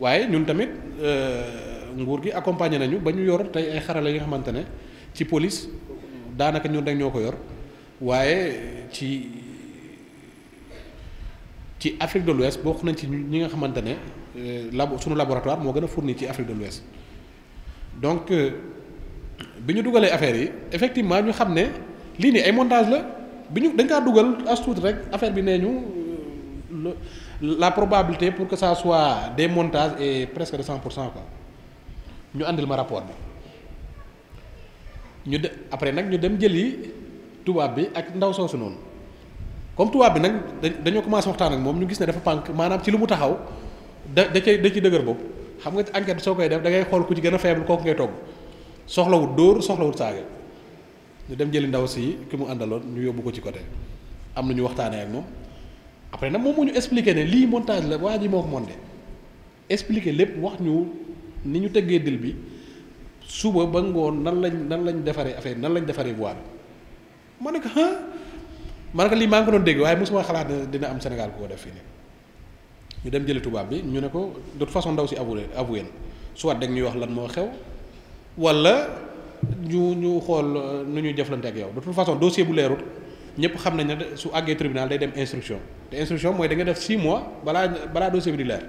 waaye ñun tamit euh, nguur gi accompagné nañu ba ñu yor tey ay xarala yi nga xamante ne ci police daanaka ñun rek ñoo ko yor waaye ci ci Afrique de l'Ouest bokk nañ ci ñi nga xamante ne euh, labo suñu laboratoire moo gën a fournie ci Afrique de l'Ouest donc euh, bi ñu dugalee affaire yi effectivement ñu xam ne lii nii ay montage la bi ñu dañ dugal as tuuti rek affaire bi nee ñu la probabilité pour que ça soit des montage est presque de cent pour cent ko ñu àndil ma rapport bi ñu de après nag ñu dem jëli tubaab bi ak ndaw soosu noonu comme tubaab bi nag dañoo commencé waxtaan ak moom ñu gis ne dafa pànk maanaam ci lu mu taxaw da da ci dëgër bopp xam nga enquête soo koy def da ngay xool ku ci gën a faible kooku ngay togg soxlawut dóor soxlawut saaga ñu dem jëli ndaw si ki mu àndaloon ñu yóbbu ko ci côté am na ñu waxtaanee ak moom. après nag moom moo ñu expliqué ne lii montage la waa ji moo ko monté expliqué lépp wax ñu ni ñu teggee dil bi suba ba ngoon nan lañ nan lañ defaree affaire nan lañ defaree voie bi ma ne ko ah ma ne lii maa ngi ko doon dégg waaye mosuma xalaat ne am Sénégal ku ko def ñu dem jëli tubaab bi ñu ne ko de toute façon ndaw si avoué avoué na soit dag ñuy wax lan moo xew walla ñu ñu xool euh, nu ñuy jëflante ak yow de toute façon dossier bu leerut. ñëpp xam nañ ne su àggee tribunal day dem instruction te instruction mooy da def 6 mois balaa balaa dossier bi di leer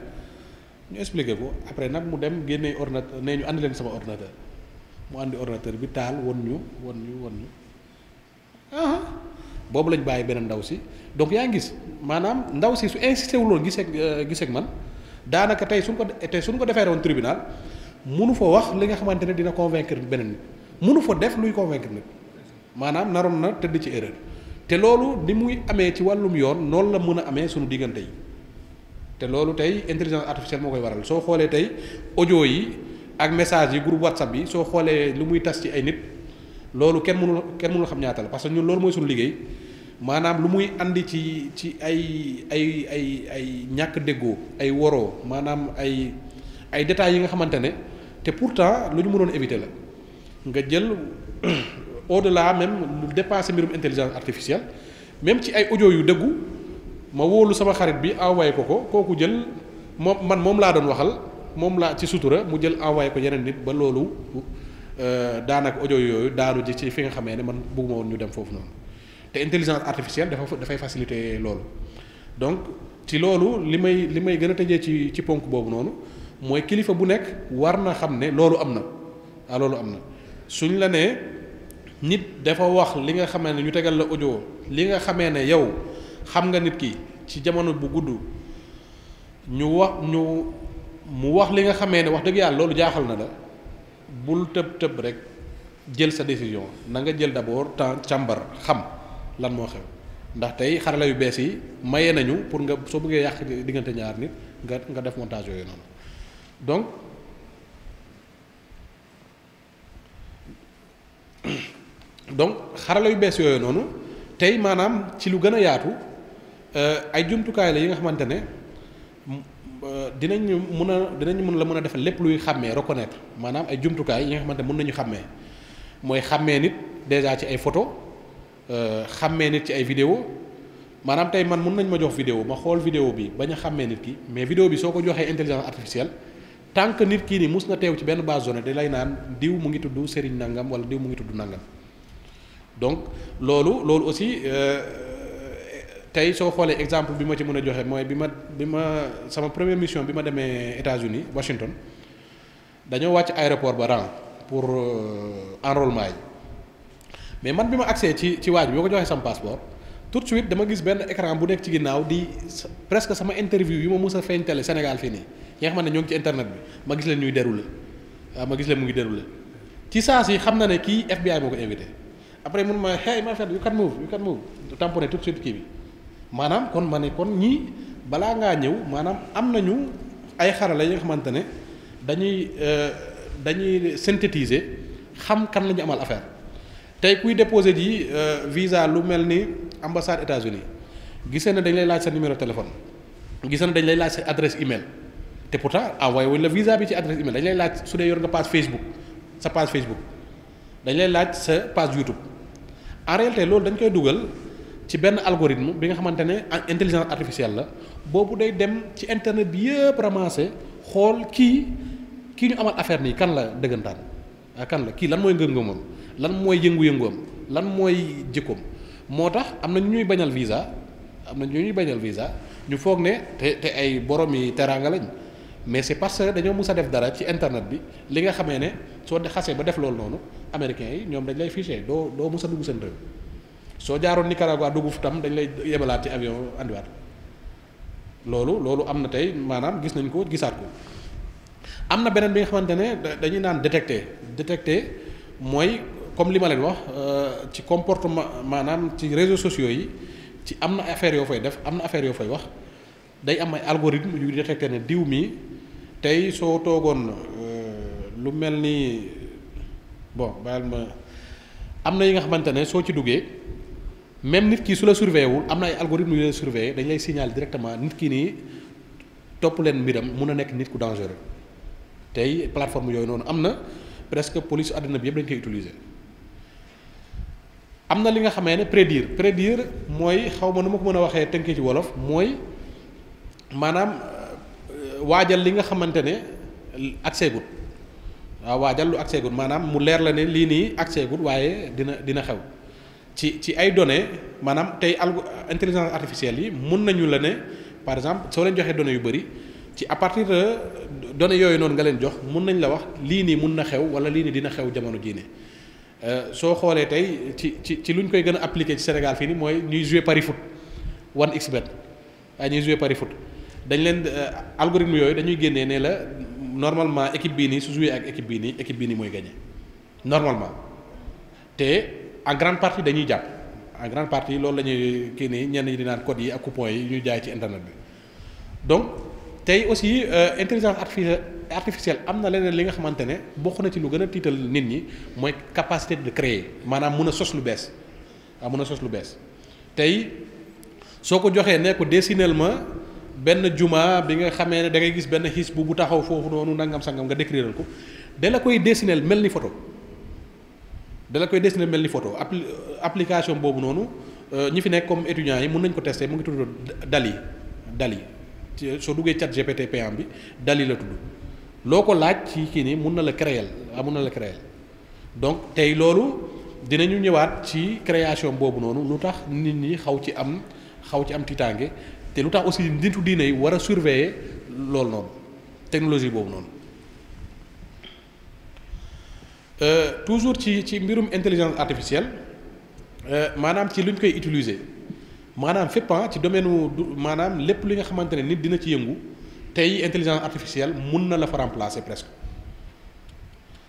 ñu expliqué ko après nag mu dem génne ordinateur nee ñu andi leen sama ordinateur mu andi ordinateur bi taal won ñu won ñu won ñu ah boobu lañ bàyyi beneen ndaw si donc yaa ngi gis maanaam ndaw si su insisté wul woon gisee euh, gisee man daanaka tey suñ ko tey suñ ko defee woon tribunal mënu fa wax li nga xamante ne dina convaincre beneen nit mënu fa def luy convaincre nit maanaam naroon na tëdd ci erreur. te loolu li muy amee ci wàllum yoon noonu la mën a amee suñu diggante yi te loolu tey intelligence artificielle moo koy waral soo xoolee tey ojo yi ak message yi groupe whatsapp yi soo xoolee lu muy tas ci ay nit loolu kenn mënul kenn mënul xam ñaata la parce que ñun loolu mooy suñu liggéey maanaam lu muy andi ci ci ay ay ay ay ñàkk déggoo ay woroo maanaam ay ay détails yi nga xamante ne te pourtant lu ñu mënoon éviter la nga jël de la même lu dépassé mbirum intelligence artificielle même ci ay audio yu dëggu ma wóolu sama xarit bi envoyé ko ko kooku jël moom man moom laa doon waxal moom laa ci sutura mu jël envoyé ko yeneen nit ba loolu euh, daanaka audio yooyu daanu ji ci fi nga xamee ne man bëgguma woon ñu dem foofu noonu te intelligence artificielle dafa dafay faciliter loolu donc ci loolu li may li may gën a tëjee ci ci ponk boobu noonu mooy kilifa bu nekk war na xam ne loolu am na ah am na suñ la nee. nit dafa wax li nga xamee ne ñu tegal la audio li nga xamee ne yow xam nga nit ki ci jamono bu gudd ñu wax ñu mu wax li nga xamee ne wax dëgg yàlla loolu jaaxal na la bul tëb tëb rek jël sa décision na nga jël d'abord temps càmbar xam lan moo xew ndax tey xarala yu bees yi maye nañu pour nga soo bëggee yàq diggante ñaar nit nga nga def montage yooyu noonu donc. donc xarala yu bees yooyu noonu tey maanaam ci lu gën a yaatu euh, ay jumtukaay la yi nga xamante ne euh, dinañu mun a dinañu mën la mën a defal lépp luy xàmmee reconnaître maanaam ay jumtukaay yi nga xamante ne mën nañu xàmmee mooy xàmmee nit déjà ci ay photo euh, xàmmee nit ci ay vidéo maanaam tey man mën nañ ma jox vidéo ma xool vidéo bi bañ a xàmmee nit ki mais vidéo bi soo ko joxee intelligence artificielle tant que nit kii ni mus na teew ci benn base zone da naan diw mu ngi tudd Serigne Nangam wala diw mu ngi tudd Nangam. donc loolu loolu aussi euh, tey soo xoolee exemple bi ma ci mën a joxe mooy bi ma bi ma sama première mission bi ma demee États-Unis Washington dañoo wàcc aéroport ba ren pour euh, enrôlement yi mais man bi ma agsee ci ci waaj bi ma ko joxee sama passeport tout de suite dama gis benn écran bu nekk ci ginnaaw di presque sama interview yi ma mës a feeñ télé Sénégal fii nii yi nga xam ne ñoo ngi ci internet bi ma gis leen ñuy déroulé ah, ma gis leen mu ngi déroulé ci saa si xam na ne kii FBI moo ko après mun ma hey my friend you can move you can move tamponné tout de suite kii bi maanaam kon ma ne kon ñii balaa ngaa ñëw maanaam am na ñu ay xaral yi nga xamante ne dañuy euh, dañuy synthétiser xam kam la ñu amal affaire tey kuy déposé ji euh, visa lu mel ni ambassade États-Unis gisee na dañ lay laaj sa numéro téléphone gisee na dañ lay laaj sa adresse email te pourtant envoyé wuñ la visa bi ci adresse email dañ lay laaj su dee yor nga page Facebook sa page Facebook dañ lay laaj sa page en réalité loolu dañ koy dugal ci benn algorithme bi nga xamante ne intelligence artificielle la boobu day dem ci internet bi yëpp ramasser xool kii kii ñu amal affaire nii kan la dëggantaan ah, kan la kii lan mooy ngëm-ngëmam lan mooy yëngu-yëngoom lan mooy jikkoom moo tax am na ñu ñuy bañal visa am na ñu ñuy bañal visa ñu foog ne te te ay borom yi teraanga mais c'est parce que dañoo mus a def dara ci internet bi li nga xamee ne. soo xasee ba def loolu noonu américains yi ñoom dañ lay fiché doo doo mës a dugg seen réew soo jaaroon Nicaragua dugg fu tam dañu lay yebalaat ci avion andiwaat loolu loolu am na tey maanaam gis nañ ko gisaat ko am na beneen bi nga xamante ne dañuy naan détecté détecté mooy comme li ma leen wax euh, ci comportement maanaam ci réseaux sociaux yi ci am na affaire yoo fay def am na affaire yoo fay wax day am ay algorithme yu détecté ne diw mii tey soo toogoon lu mel ni bon baal ma am na yi nga xamante ne soo ci duggee même nit kii su la surveillé wul am na ay algorithme yu lay surveillé dañ lay signaler directement nit ki nii topp leen mbiram mun a nekk nit ku dangereux tey plateforme yooyu noonu am na presque police àddina bi yëpp dañ koy utiliser. am na li nga xamee ne prédire prédire mooy xaw ma nu ma ko mën a waxee tënkee ci wolof mooy maanaam euh, waajal li nga xamante ne accès gut Ah, waajal lu accès gul maanaam mu leer la ne lii nii accès gul waaye dina dina xew ci ci ay données maanaam tey algo intelligence artificielle yi mun nañu la ne par exemple soo leen joxe données yu bëri ci à partir de yooyu noonu nga leen jox mun nañ la wax lii nii mun na xew wala lii nii dina xew jamono jii ne euh, soo xoolee tey ci ci ci luñ koy gën a appliqué ci Sénégal fii nii mooy ñuy jouer pari foot one xbet ñuy jouer pari foot dañ leen euh, algorithme yooyu dañuy génnee ne la. normalement équipe bii nii su joué ak équipe bi nii équipe bii nii mooy gagné normalement te en grande partie dañuy jàpp en grande partie loolu la ñuy kii nii ñenn ñi di naan code yi ak coupons yi ñuy jaay ci internet bi donc tey aussi euh, intelligence artificielle am na leneen li nga xamante ne bokk na ci lu gën a tiital nit ñi mooy capacité de créer maanaam mun a sos lu bees waaw ah, mun a sos lu bees tey soo ko joxee ne ko dessiner ma. benn juma bi nga xamee ne da ngay gis benn xiis bu bu taxaw foofu noonu nangam sangam nga décriral ko da koy dessiner mel ni photo da la koy dessiner mel ni photo appli euh, application boobu noonu euh, ñi fi nekk comme étudiants yi mun nañ ko tester mu ngi tudd Dali Dali soo duggee chat GPT payant bi Dali la tudd loo ko laaj ci kii ni mun na la créer ah mun na la créer donc tey loolu dinañu ñëwaat ci création boobu noonu lu tax nit ñi xaw ci am xaw ci am tiitaange. te lu tax aussi nitu diine yi war a surveiller loolu noonu technologie boobu noonu euh, toujours ci ci mbirum intelligence artificielle euh, maanaam ci lu ñu koy utiliser maanaam fépp ah ci domaine du maanaam lépp li nga xamante ne nit dina ci yëngu tey intelligence artificielle mun na la fa remplacer presque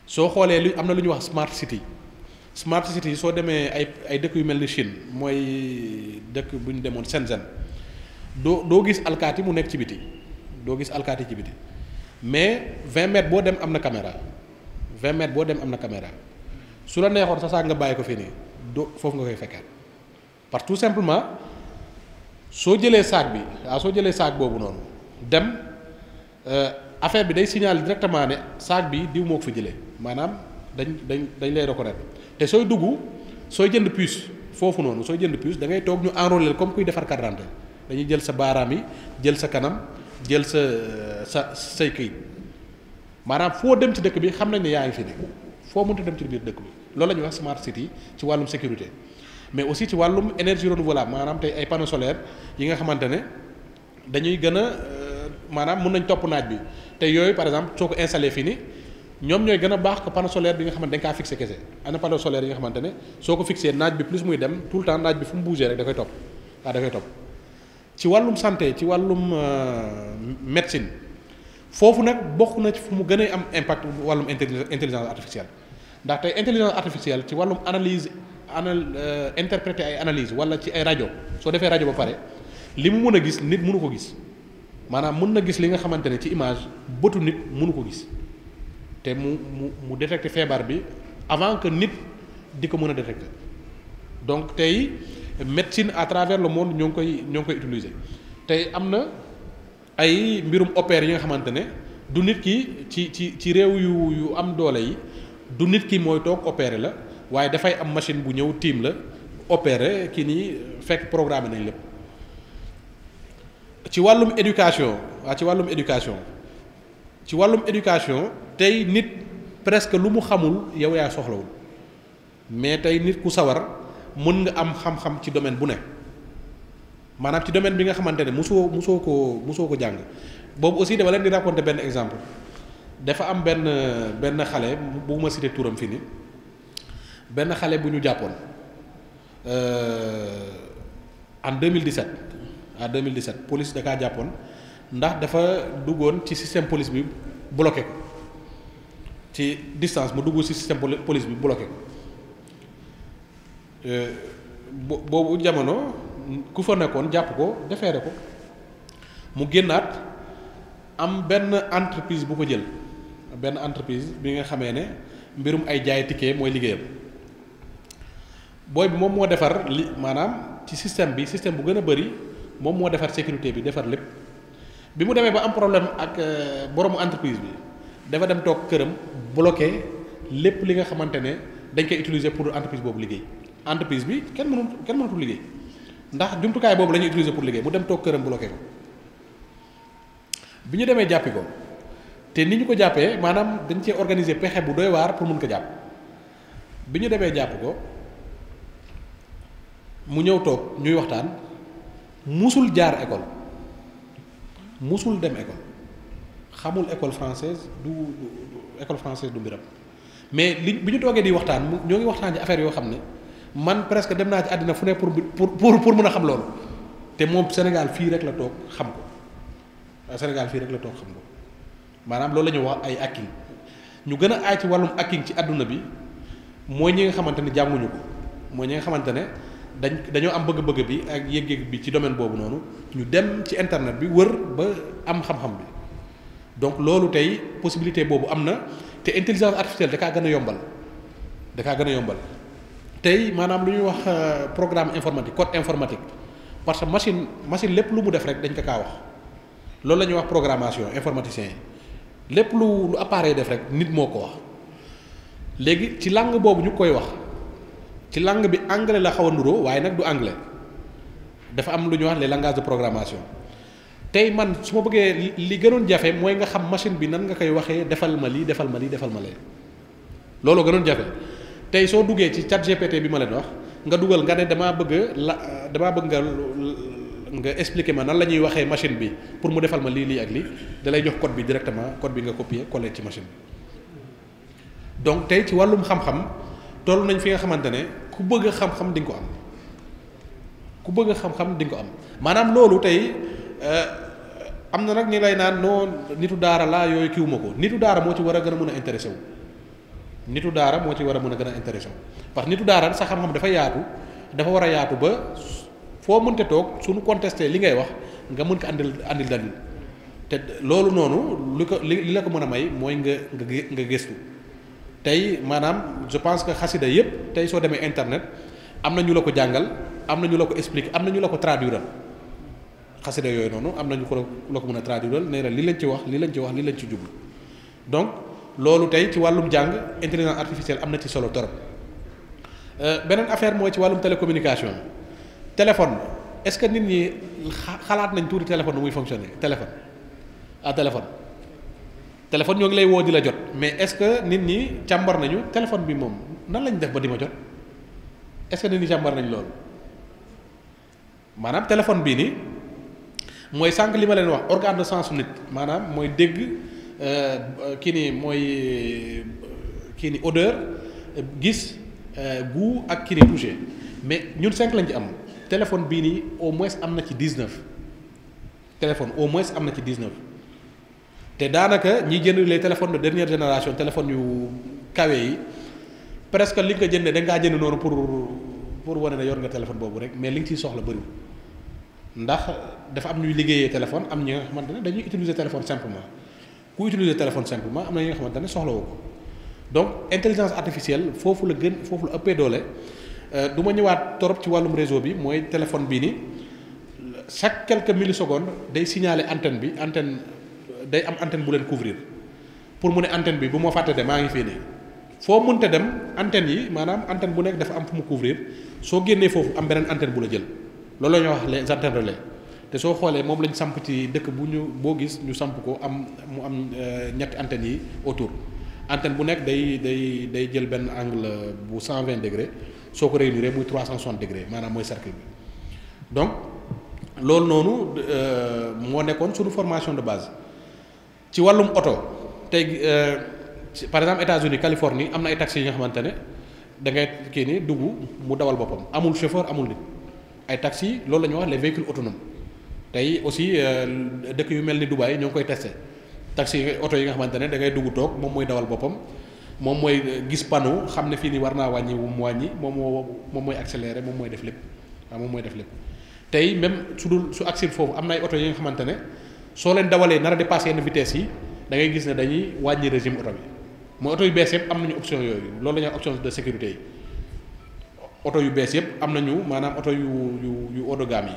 soo xoolee lu am na lu ñuy wax smart city smart city soo demee ay ay dëkk yu mel ni Chine mooy dëkk bu ñu demoon Shenzhen doo doo gis alkaati mu nekk ci biti doo gis alkaati ci biti mais 20 boo dem am na caméra 20 boo dem am na caméra su la neexoon sa saak nga bàyyi ko fii nii doo foofu nga koy fekkaat parce que tout simplement soo jëlee saak bi waaw soo jëlee saak boobu noonu dem euh, affaire bi day signaler directement ne saak bi diw moo ko fi jëlee maanaam dañ dañ dañ lay reconnaître te sooy dugg sooy jënd puce foofu noonu sooy jënd puce da ngay toog ñu enrôler comme kuy defar carte d'identité dañuy jël sa baaraam yi jël sa kanam jël sa sa say këyit maanaam foo dem ci dëkk bi xam nañ ne yaa ngi fi nekk foo mënta dem ci biir dëkk bi loolu la ñuy wax smart city ci wàllum sécurité mais aussi ci wàllum énergie renouvelable maanaam tey ay panneaux solaires yi nga xamante ne dañuy gën a euh, maanaam mun nañ topp naaj bi te yooyu par exemple soo ko installé fii nii ñoom ñooy gën a baax que panneau solaire bi nga xamante dañ kaa fixé kese ana panneau solaire yi nga xamante ne soo ko fixé naaj bi plus dem tout le temps naaj bi fu mu bougé rek da koy topp waaw da ci wàllum santé ci wàllum euh, médecine foofu nag bokk na ci fu mu gën a am impact wàllum intelligence artificielle ndax tey intelligence artificielle ci wàllum analyse anal euh, interpréter ay analyse wala ci ay rajo soo defee rajo ba pare li mu mën a gis nit mënu ko gis maanaam mën na gis li nga xamante ne ci image bëtu nit mënu ko gis te mu mu mu détecter feebar bi avant que nit di ko mën a détecter donc tey. médecine à travers le monde ñoo ngi koy ñoo ngi koy tey am na ay mbirum opère yi nga xamante ne du nit ki ci ci ci réew yu yu am doole yi du nit ki mooy toog opéré la waaye dafay am machine bu ñëw tiim la opéré kii nii fekk programme nañ lépp ci wàllum éducation waa ci wàllum éducation ci wàllum éducation tey nit presque lu mu xamul yow yaa soxlawul mais tey nit ku sawar. mën nga am xam-xam ci domaine bu ne maanaam ci domaine bi nga xamante ne musoo musoo koo musoo ko jàng boobu aussi dafa leen di raconter benn exemple dafa am benn benn xale bu ma cité turam fi nii benn xale bu ñu jàppoon euh, en 2017 en 2017 police da kaa jàppoon ndax dafa duggoon ci système police bi bloqué ko ci distance mu dugg ci système police bi bloqué ko. Euh, boobu jamono ku fa nekkoon jàpp ko defeere ko mu génnaat am benn entreprise bu ko jël benn entreprise bi nga xamee ne mbirum ay jaay ticket mooy liggéeyam booy bi moom moo defar li maanaam ci système bi système bu gën a bëri moom moo defar sécurité bi defar lépp bi mu demee ba am problème ak euh, boroomu entreprise bi dafa dem toog këram bloqué lépp li nga xamante ne dañ koy utiliser pour entreprise boobu liggéey. entreprise bi kenn mënu kenn mënatul liggéey ndax jumtukaay boobu la ñuy utiliser pour liggéey mu dem toog këram bloqué ko bi ñu demee jàppi ko te ni ñu ko jàppee maanaam dañ cee organiser pexe bu doy waar pour mun ko jàpp bi ñu demee jàpp ko mu ñëw toog ñuy waxtaan musul jaar école musul dem école xamul école française du école française du mbiram mais li bi ñu toogee di waxtaan mu ñoo ngi waxtaan ci affaire yoo xam ne. man presque dem naa ci àddina fu ne pour pour pour mën a xam loolu te moom Sénégal fii rek la toog xam ko ah, Sénégal fii rek la toog xam ko maanaam loolu la ñuy wax ay hacking ñu gën a aay ci wàllum hacking ci àdduna bi mooy ñi nga xamante ne jànguñu ko mooy ñi nga xamante ne dañ dañoo am bëgg-bëgg bi ak yëg-yëg bi ci domaine boobu noonu ñu dem ci internet bi wër ba am xam-xam bi donc loolu tey possibilité boobu am na te intelligence artificielle da kaa gën a yombal da gën a yombal. tey maanaam lu ñuy wax euh, programme informatique code informatique parce que machine machine lépp lu mu def rek dañ ko kaa wax loolu la ñuy wax programmation informaticien yi lépp lu lu appareil def rek nit moo ko wax léegi ci langue boobu ñu koy wax ci langue bi anglais la xaw a nuroo waaye nag du anglais dafa am lu ñuy wax les langages de programmation tey man su ma bëggee li gënoon jafe mooy nga xam machine bi nan nga koy waxee defal ma lii defal ma li defal ma lee looloo gënoon jafe tey soo duggee ci chat GPT bi ma leen wax nga dugal nga ne damaa bëgg la damaa bëgg nga nga expliquer ma nan la ñuy waxee machine bi pour mu defal ma lii lii ak lii dalay jox code bi directement code bi nga copier coller ci machine bi donc tey ci wàllum xam-xam toll nañ fi nga xamante ne ku bëgg xam-xam di nga ko am ku bëgg xam-xam di ko am maanaam loolu tey euh, am na nag ñi lay naan noo nitu daara laa yooyu kiw ma ko nitu daara moo ci war a gën a mën a intéressé wu. nitu daara moo ci war a mën a gën a intéressé parce que nitu daara sa xam-xam dafa yaatu dafa war a yaatu ba foo mënte toog suñu contesté li ngay wax nga mën ko àndil andil dalil te loolu noonu lu ko li la ko mën a may mooy nga nga gis gëstu tey maanaam je pense que xasida yépp tey soo demee internet am na ñu la ko jàngal am na ñu la ko explique am na ñu la ko traduire xasida yooyu noonu am na ñu ko la ko mën a traduire nee na li lañ ci wax li lañ ci wax li lañ ci jublu loolu tey ci wàllum jàng intelligence artificielle am na ci solo torop euh, beneen affaire mooy ci wàllum télécommunication téléphone est-ce que nit ñi xalaat nañ tuuti téléphone nu muy fonctionner téléphone ah téléphone téléphone ñoo ngi lay woo di la jot mais est-ce que nit ñi càmbar nañu téléphone bi moom nan lañu def ba di ma jot est-ce que nit ñi càmbar nañ loolu maanaam téléphone bii nii mooy sànq li ma leen wax organe de sens nit maanaam mooy dégg. Euh, kii ni mooy euh, kii ni odeur gis euh, goût ak kii ni toucher mais ñun cinq lañ ci am téléphone bii nii au moins am na ci dix-neuf téléphone au moins am na ci dix-neuf te daanaka ñi jënd les téléphones de dernière génération téléphone yu kawe yi presque li nga ko jëndee da ngaa jënd noonu pour pour wane ne yor nga téléphone boobu rek mais li nga ciy soxla bëriwul ndax dafa am ñuy liggéeyee téléphone am ñi man xamante ne dañuy utiliser téléphone simplement ku utiliser téléphone simplement am na ñi nga xamante ne soxlawu ko donc intelligence artificielle foofu la gën foofu la ëppee doole euh, du ma ñëwaat trop ci wàllum réseau bi mooy téléphone bii ni chaque quelques millisecondes day signaler antenne bi antenne day am antenne bu leen couvrir pour mu ne antenne bi bu ma fàtte de maa ngi fii nii foo mënte dem antenne yi maanaam antenne bu nekk dafa am fu mu couvrir soo génnee foofu am beneen antenne bu la jël loolu la ñuy wax les antennes relais te soo xoolee moom lañ samp ci dëkk bu ñu boo gis ñu samp ko am mu am euh, ñetti antennes yi autour antenne bu nekk day day day jël benn angle bu 120 degré soo ko réunir muy 360 degré maanaam mooy cercle bi donc loolu noonu euh, moo nekkoon suñu formation de base ci wàllum oto tey euh, par exemple États-Unis Californie am na ay taxi yi nga xamante ne da ngay kii ni dugg mu dawal boppam amul chauffeur amul nit ay taxi loolu lañu wax les véhicules autonomes tey aussi euh, dëkk yu mel ni Dubaay ñoo ngi koy testé taxi yi oto yi nga xamante ne da ngay dugg toog moom mooy dawal boppam moom mooy euh, gis panneau xam ne fii nii war naa wàññi wu mu wàññi moom moo moom mooy accéléré moom mooy def lépp waaw moom mooy def lépp tey même su dul su accès foofu am na ay oto yi nga xamante ne soo leen dawalee nara a dépassé yenn vitesse yi da gis ne dañuy wàññi régime oto bi mooy oto yu bees yëpp am na nañu option yooyu loolu la ñuy option de sécurité yi yu bees yëpp am nañu maanaam oto yu yu yu haut de yi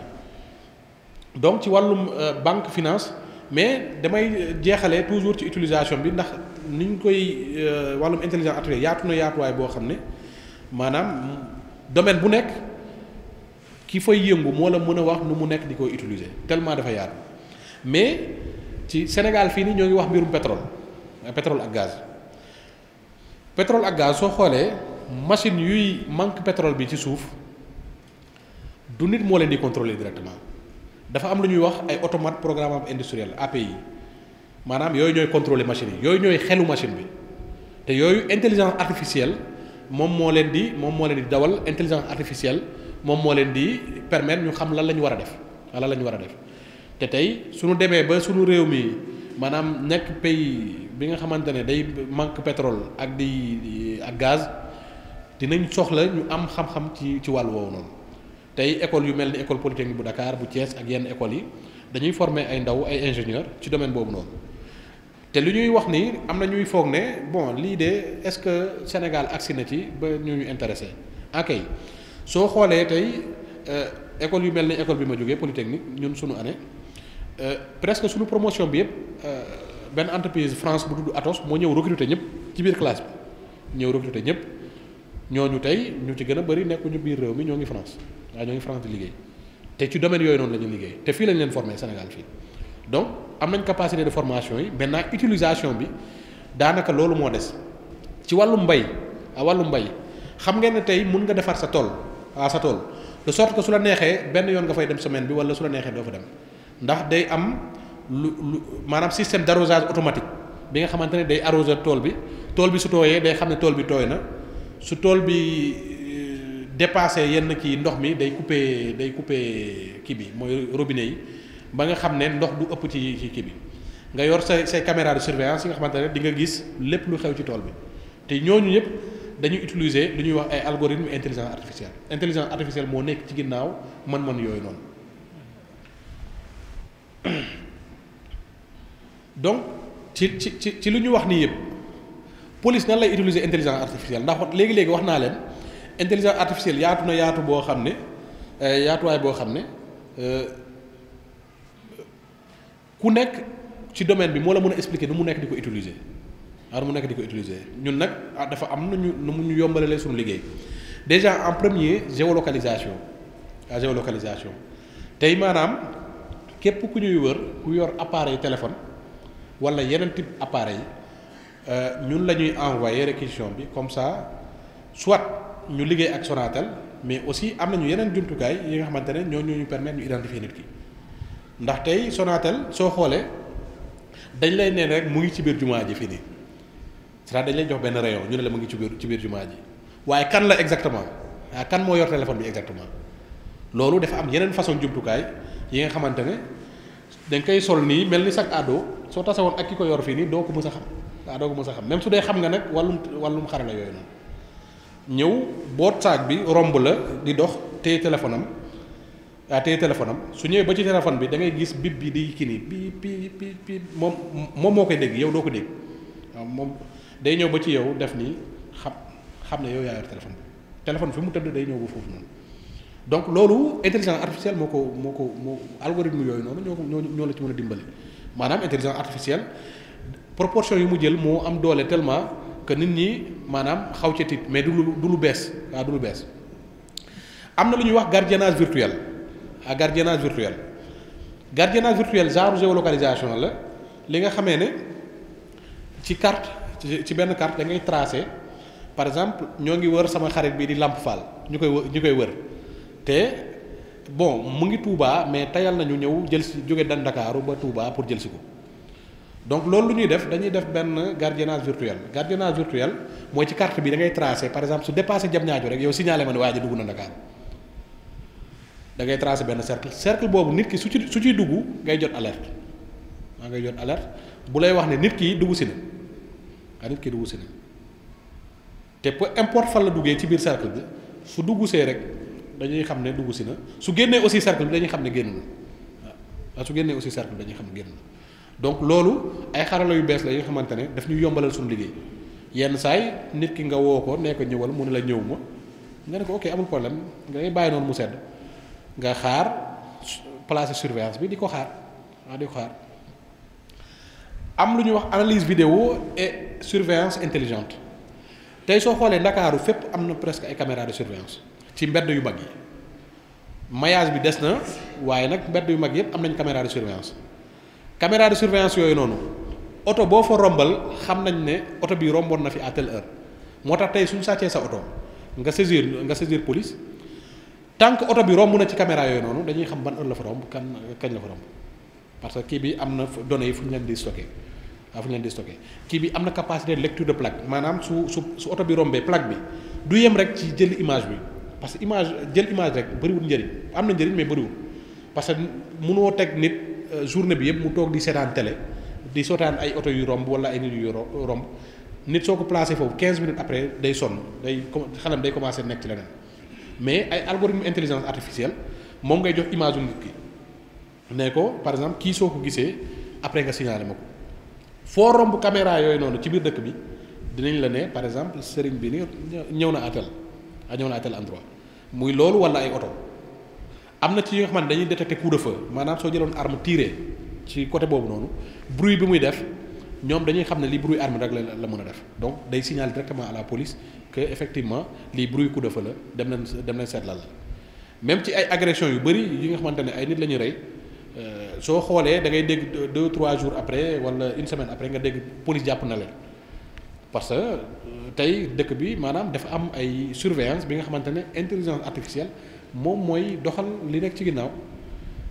donc ci wàllum euh, banque finance mais damay euh, jeexale toujours ci utilisation bi ndax niñ ñu koy euh, wàllum intelligence artificielle yaatu na yaatuwaay boo xam ne maanaam domaine bu nekk ki fay yëngu moo la mën a wax nu mu nekk di koy utiliser tellement dafa yaatu mais ci Sénégal fii ni ñoo ngi wax mbirum pétrole pétrole ak gaz pétrole ak gaz soo xoolee machine yuy manque pétrole bi ci suuf du nit moo leen di contrôler directement dafa am lu ñuy wax ay automate programmable industriel API maanaam yooyu ñooy contrôler machine yi yooyu ñooy xelu machine bi te yooyu intelligence artificielle moom moo leen di moom moo leen di dawal intelligence artificielle moom moo leen di permettre ñu xam lan la ñu war a def ah, lan la ñu war a def te tey suñu demee ba suñu réew mi maanaam nekk pays bi nga xamante ne day manque pétrole ak di ak gaz dinañ soxla ñu am xam-xam ci ci wàllu woowu noonu tey école yu mel ni école polytechnique bu dakaar bu cees ak yenn écoles yi dañuy former ay ndaw ay ingénieur ci domaine boobu noonu te li ñuy wax ni am na ñuy foog ne bon lii de est-ce que Sénégal agsi na ci ba ñu ñu intéressé soo xoolee tey euh, école yu mel ni école bi ma jógee polytechnique ñun suñu année euh, presque suñu promotion bi yëpp euh, benn entreprise France bu tudd Atos moo ñëw recruter ñëpp ci biir classe bi ñëw recruter ñëpp ñooñu tey ñu ci gën a bëri nekkuñu biir réew mi ñoo ngi France. waaye ñoo ngi France di liggéey te ci domaine yooyu noonu la ñu liggéey te fii lañ leen formé Sénégal fii donc am nañ capacité de formation yi maintenant utilisation bi daanaka loolu moo des ci wàllu mbay a wàllu mbay xam ngeen ne tey mun nga defar sa tool waa sa tool de sorte que su la neexee benn yoon nga fay dem semaine bi wala su la neexee doo fa dem ndax day am lu lu maanaam système d'arrosage automatique bi nga xamante ne day arroser tool bi tool bi su tooyee day xam ne tool bi tooy na su tool bi dépassé yenn kii ndox mi day coupé day coupé kii bi mooy robinet yi ba nga xam ne ndox du ëpp ci ci kii bi nga yor say say caméra de surveillance yi nga xamante ne di nga gis lépp lu xew ci tool bi te ñooñu ñëpp dañuy utiliser lu ñuy wax ay algorithme intelligence artificielle intelligence artificielle moo nekk ci ginnaaw man mën yooyu noonu donc ci ci ci ci lu ñuy wax nii yëpp police na lay utiliser intelligence artificielle ndax léegi-léegi wax naa leen intelligence artificielle yaatu na yaatu boo xam ne eh, yaatuwaay boo xam ne eh, ku nekk ci domaine bi moo la mën a expliquer nu mu nekk di ko utiliser war mu nekk di ko utiliser ñun nag ah, dafa am nu ñu nu mu ñu yombalalee suñu liggéey déjà en premier géolocalisation la géolocalisation tey maanaam képp ku ñuy wër ku yor appareil téléphone wala yeneen type appareil eh, ñun la ñuy envoyer réquisition bi comme ça soit ñu liggéey ak Sonatel mais aussi am nañu yeneen jumtukaay yi nga xamante ne ñoo ñu permettre ñu identifier nit ki ndax tey Sonatel soo xoolee dañ lay neen rek mu ngi ci biir jumaa ji fii nii cest à dañ jox benn rayon ñu ne la mu ngi ci biir ci biir jumaa ji waaye kan la exactement ah, kan moo yor téléphone bi exactement loolu dafa am yeneen façon jumtukaay yi nga xamante ne dañ koy sol nii mel ni sax ado soo tase woon ak ki ko yor fii nii doo ko mës a xam ah doo ko mës a xam même su dee xam nga nag wàllum wàllum xarala yooyu noonu. ñëw boot saag bi romb la di dox téye téléphone am ah téye téléphone su ñëwee ba ci téléphone bi da ngay gis bip bi di kii nii pii pii pii moom moom moo koy dégg yow doo ko dégg waaw ah, moom day ñëw ba ci yow def ni xam xam ne yow yaa yor téléphone bi téléphone fi mu tëdd day ñëw ba foofu noonu donc loolu intelligence artificielle moo ko moo ko moo algorithme yooyu noonu ñoo ñoo la ci mën a dimbali maanaam intelligence artificielle proportion yi mu jël moo am doole tellement. que nit ñi maanaam xaw ci tiit mais du lu du lu bees waaw du lu bees am na lu ñuy wax gardiennage virtuelle ah gardiennage virtuel gardiennage virtuel genre géolocalisation la li nga xamee ne ci carte ci benn carte da ngay tracé par exemple ñoo ngi wër sama xarit bi di Lamp Fall ñu koy wë ñu koy wër te bon mu ngi Touba mais tayal nañu ñëw jël si jóge dan Ndakaaru ba Touba pour jël si ko. donc loolu lu ñuy def dañuy def benn gardiennage virtuel gardiennage virtuel mooy ci carte bi da ngay par exemple su dépassé jam ñaajo rek yow signalé ma ne waa ji dugg na Dakar da ngay tracé benn cercle cercle boobu nit ki su ci su ciy dugg ngay jot alerte maa ngay jot alerte bu lay wax ne nit ki dugg si na waa nit ki dugg si na te peu importe fan la duggee ci biir cercle bi su dugg see rek dañuy xam ne dugg si na su génnee aussi cercle bi xam ne génn na waaw su aussi cercle dañuy xam génn donc loolu ay xarala yu bees la yi xamante ne daf ñu yombalal suñu liggéey yenn saay nit ki nga woo ko nee ko ñëwal mu ne la ñëw ma nga ne ko ok amul problème ngay bàyyi noonu mu sedd nga xaar place surveillance bi di ko xaar waaw di ko xaar am lu ñuy wax analyse vidéo et surveillance intelligente tey soo xoolee ndakaaru fépp am na presque ay caméra de surveillance ci mbedd yu mag yi maillage bi des na waaye nag mbedd yu mag yëpp am nañ caméra de caméra de surveillance yooyu noonu oto boo fa rombal xam nañ ne oto bi romboon na fi à telle moo tax tey suñu sàccee sa oto nga saisir nga saisir police tant que oto bi romb na ci caméra yooyu noonu dañuy xam ban heure la fa romb kan kañ la fa romb parce que kii bi am na données yi fu ñu leen di stocké fu ñu leen di stocké kii bi am na capacité de lecture de plaque maanaam su su su oto bi rombee plaque bi du yem rek ci jël image bi parce que image jël image rek bëriwul njëriñ am na njëriñ mais bëriwul parce que mënoo teg nit. Euh, journée bi yëpp mu toog di seetaan télé di sotaan ay oto yu romb wala ay nit yu romb nit soo ko placé foofu 15 minutes après day sonn day xalam day commencé nekk ci leneen mais ay algorithme intelligence artificielle moom ngay jox image nit ki ne ko par exemple kii soo ko gisee après nga signalé ma ko foo romb caméra yooyu noonu ci biir dëkk bi dinañ la ne par exemple sëriñ bi ni ñëw na atel a ñëw na atel endroit muy loolu wala ay oto am na ci yoo xam ne dañuy détecter coup de feu maanaam soo jëloon arme tiré ci côté boobu noonu bruit bi muy def ñoom dañuy xam ne li bruit arm rek la la mën a def donc day signal directement à la police que effectivement lii bruit coup de feu la dem leen dem leen seet lan la même ci ay agression yu bëri yi nga xamante ne ay nit la ñuy rey euh, soo xoolee da ngay dégg deux trois jours après wala une semaine après nga dégg police jàpp na leen parce que euh, tey dëkk bi maanaam dafa am ay surveillance bi nga xamante ne intelligence artificielle moom mooy doxal li nekk ci ginnaaw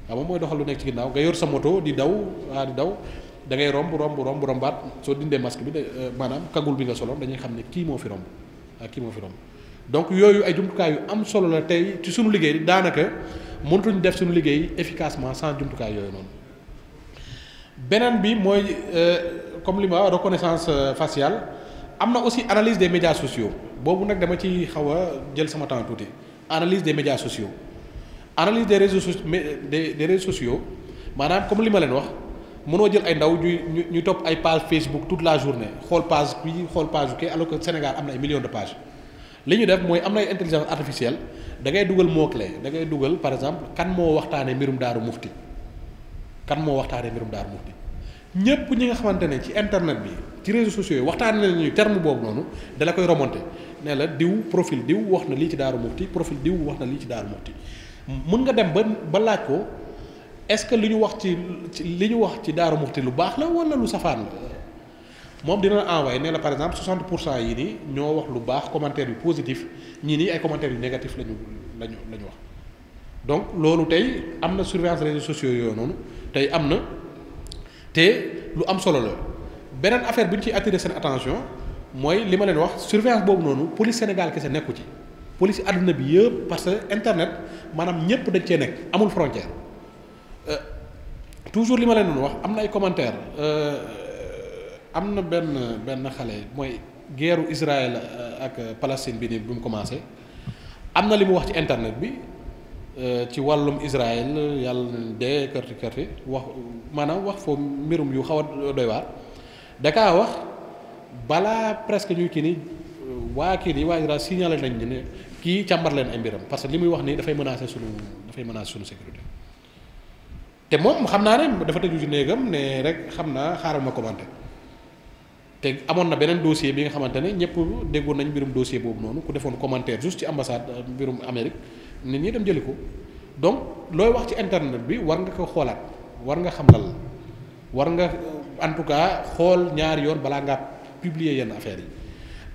waaw moom mooy doxal lu nekk ci ginnaaw nga yor sa moto di daw ah di daw da ngay romb romb romb rombaat soo dindee masque bi de euh, maanaam kagul bi nga soloon dañuy xam ne kii moo fi romb ah kii moo fi romb donc yooyu ay jumtukaay yu am solo la tey ci suñu liggéey daanaka mëntuñ def suñu liggéey efficacement sans jumtukaay yooyu noonu beneen bi mooy euh, comme li ma reconnaissance euh, faciale am na aussi analyse des médias sociaux boobu nag dama ci xaw a jël sama temps tuuti. analyse des médias sociaux analyse des réseaux so des des réseaux sociaux maanaam comme li ma leen wax mënoo jël ay ndaw ñuy ñu ñu topp ay page Facebook toute la journée xool page bii xool page bu kii alors que Sénégal am na ay millions de pages li ñu def mooy am na ay intelligence artificielle dangay dugal mot clé da ngay dugal par exemple kan moo waxtaanee mbirum daaru mufti kan moo waxtaanee mbirum daaru mufti ñëpp ñi nga xamante ne ci internet bi ci réseaux sociaux yi waxtaanee nañu terme boobu noonu dala koy remonter. ne la diw profil diw wax na lii ci Daaru Muxti profil diw wax na lii ci Daaru Muxti mun nga dem ba ba laaj ko est-ce que li ñu wax ci li ñu wax ci Daaru Muxti lu baax la walla lu safaan la moom dina la envoyé ne la par exemple 60 pour cent yii ñoo wax lu baax commentaire yu positif ñii nii ay commentaire yu négatif lañu lañu la ñu wax donc loolu tey am na surveillance réseaux sociaux yooyu noonu tey am na te lu am solo la beneen affaire bi ñu ciy attirer seen attention mooy li ma leen wax surveillance boobu noonu police Sénégal kese nekku ci police àdduna bi yëpp parce que internet maanaam ñëpp dañ cee nekk amul frontière euh, toujours li ma leen doon wax am na ay commentaire euh, am na benn benn xale mooy guerru Israël euh, ak Palestine bi nii bi mu commencé am na li mu wax ci internet bi ci wàllum Israël yàlla dee kërti kërti wax maanaam wax foofu mbirum yu xaw a doy waar da kaa wax. balaa presque ñu kii ni waa kii nii waa ISRA signalé nañ ñu ne kii càmbar leen ay mbiram parce que li muy wax nii dafay menacer sunu dafay menacer sunu sécurité te moom xam naa ne dafa tëju ci néegam ne rek xam naa xaaral ma commenté te amoon na beneen dossier bi nga xamante ne ñëpp déggoon nañ mbirum dossier boobu noonu ku defoon commentaire juste ci ambassade euh, mbirum Amérique nit ñi dem jëli ko donc looy wax ci internet bi war nga ko xoolaat war nga xam lan war nga en tout cas xool ñaari yoon balaa ngaa. publier yenn affaires yi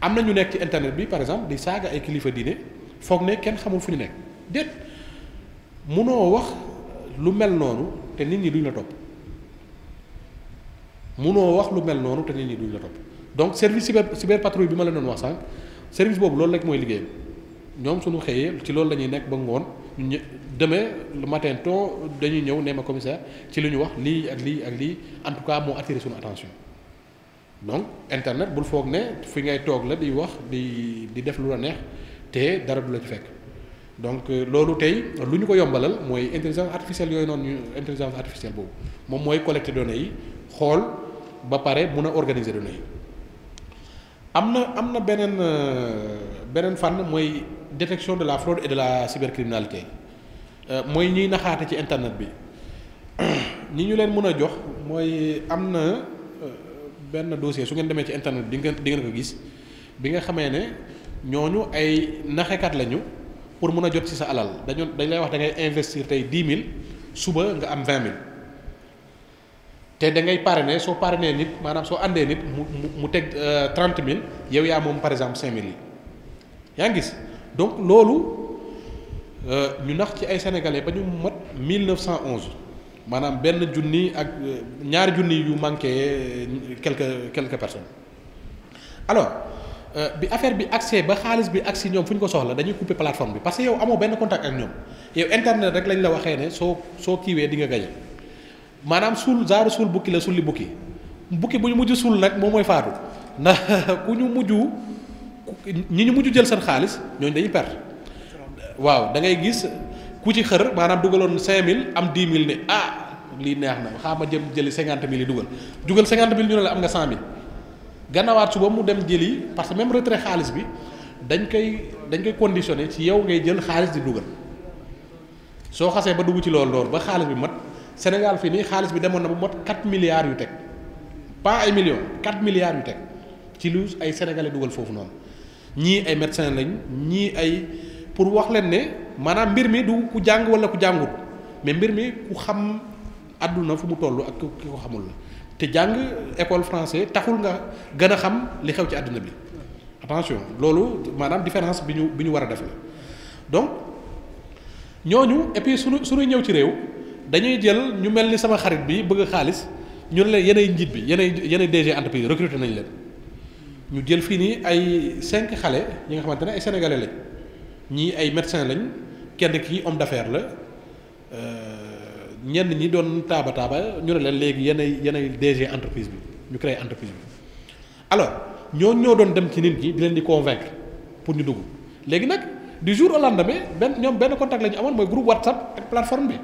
am na ñu nekk ci internet bi par exemple di saaga ay kilifa diine foog ne kenn xamul fu ñu nekk dét munoo wax lu mel noonu te nit ñi duñ la topp munoo wax lu mel noonu te nit ñi duñ la donc service cyber cyber patrouille bi ma la doon wax sànq service boobu loolu rek mooy liggéeyam ñoom suñu xëyee ci loolu la ñuy nekk ba ngoon demee le matin tôt dañuy ñëw ne ma commissaire ci li ñu wax lii ak lii ak lii en tout cas moo attiré suñu attention. donc internet bul foog ne fi ngay toog la di wax di di def lu la neex te dara du la fekk donc euh, loolu tey lu ñu ko yombalal mooy intelligence artificielle yooyu noonu ñu intelligence artificielle boobu moom mooy collecter données yi xool ba pare mun a organiser données yi am na am na beneen euh, beneen fànn mooy détection de la fraude et de la cybercriminalité euh, mooy ñiy naxaate ci internet bi ñi ñu leen mën a jox mooy am na. benn dossier su ngeen demee ci internet di ngeen di ngeen ko gis bi nga xamee ne ñoo ñu ay naxekat lañu pour mën a jot ci sa alal dañu dañ lay wax da ngay investir tey dix mille suba nga am te da ngay parrainé soo pare parrainé nit maanaam soo àndee nit mu mu teg euh, trente mille yow yaa moom par exemple cinq mille yi yaa ngi gis donc loolu euh, ñu nax ci ay sénégalais ba ñu mot mille neuf cent onze maanaam benn junni ak euh, ñaari junni yu manqué euh, quelques quelque personnes alors euh, bi affaire bi accès ba xaalis bi accès ñoom fu ñu ko soxla dañuy couper plateforme bi parce que yow amoo benn contact ak ñoom yow internet rek lañ la waxee ne soo soo kiiwee di nga gañe maanaam suul zaaru suul bukki la suuli bukki bukki bu ñu mujj suul nag moom mooy faatu ndax ku ñu mujj ñi ñu mujj jël seen xaalis ñooñ dañuy per waaw da gis. bu ci xër maanaam dugaloon cinq mille am dix mille ne ah lii neex na xaama jëm jëli cinquante mille yi dugal dugal cinquante mille ñu ne la am nga cent mille gannawaat suba mu dem jëli parce que même retrait xaalis bi dañ koy dañ koy conditionné ci yow ngay jël xaalis di dugal soo xasee ba dugg ci loolu loolu ba xaalis bi mat Sénégal fii nii xaalis bi demoon na bu mat quatre milliards yu teg pas ay millions quatre milliards yu teg ci lu ay sénégalais dugal foofu noonu ñii ay médecins lañ ñii ay. pour wax leen ne maanaam mbir mi du ku jàng wala ku jàngut mais mbir mi ku xam àdduna fu mu toll ak ki ko xamul la te jàng école français taxul nga gën a xam li xew ci àdduna bi attention loolu maanaam différence bi ñu bi ñu war a def la donc ñooñu et puis suñu suñuy ñëw ci réew dañuy jël ñu mel ni sama xarit bi bëgg xaalis ñu ne leen yeneen njiit bi yeneen yeneen DG entreprise recruté nañ leen ñu jël fii nii ay cinq xale ñi nga xamante ne ay sénégalais ñii ay médecin lañ kenn ki homme d'affaires la euh, ñenn ñi doon taaba taaba ñu ne leen léegi yenn yenn DG entreprise bi ñu créé entreprise bi alors ñoo ñoo doon dem ci nit ñi di leen di convaincre pour ñu dugg léegi nag du jour au lendemain benn ñoom benn contact la ñu amoon mooy groupe WhatsApp ak plateforme bi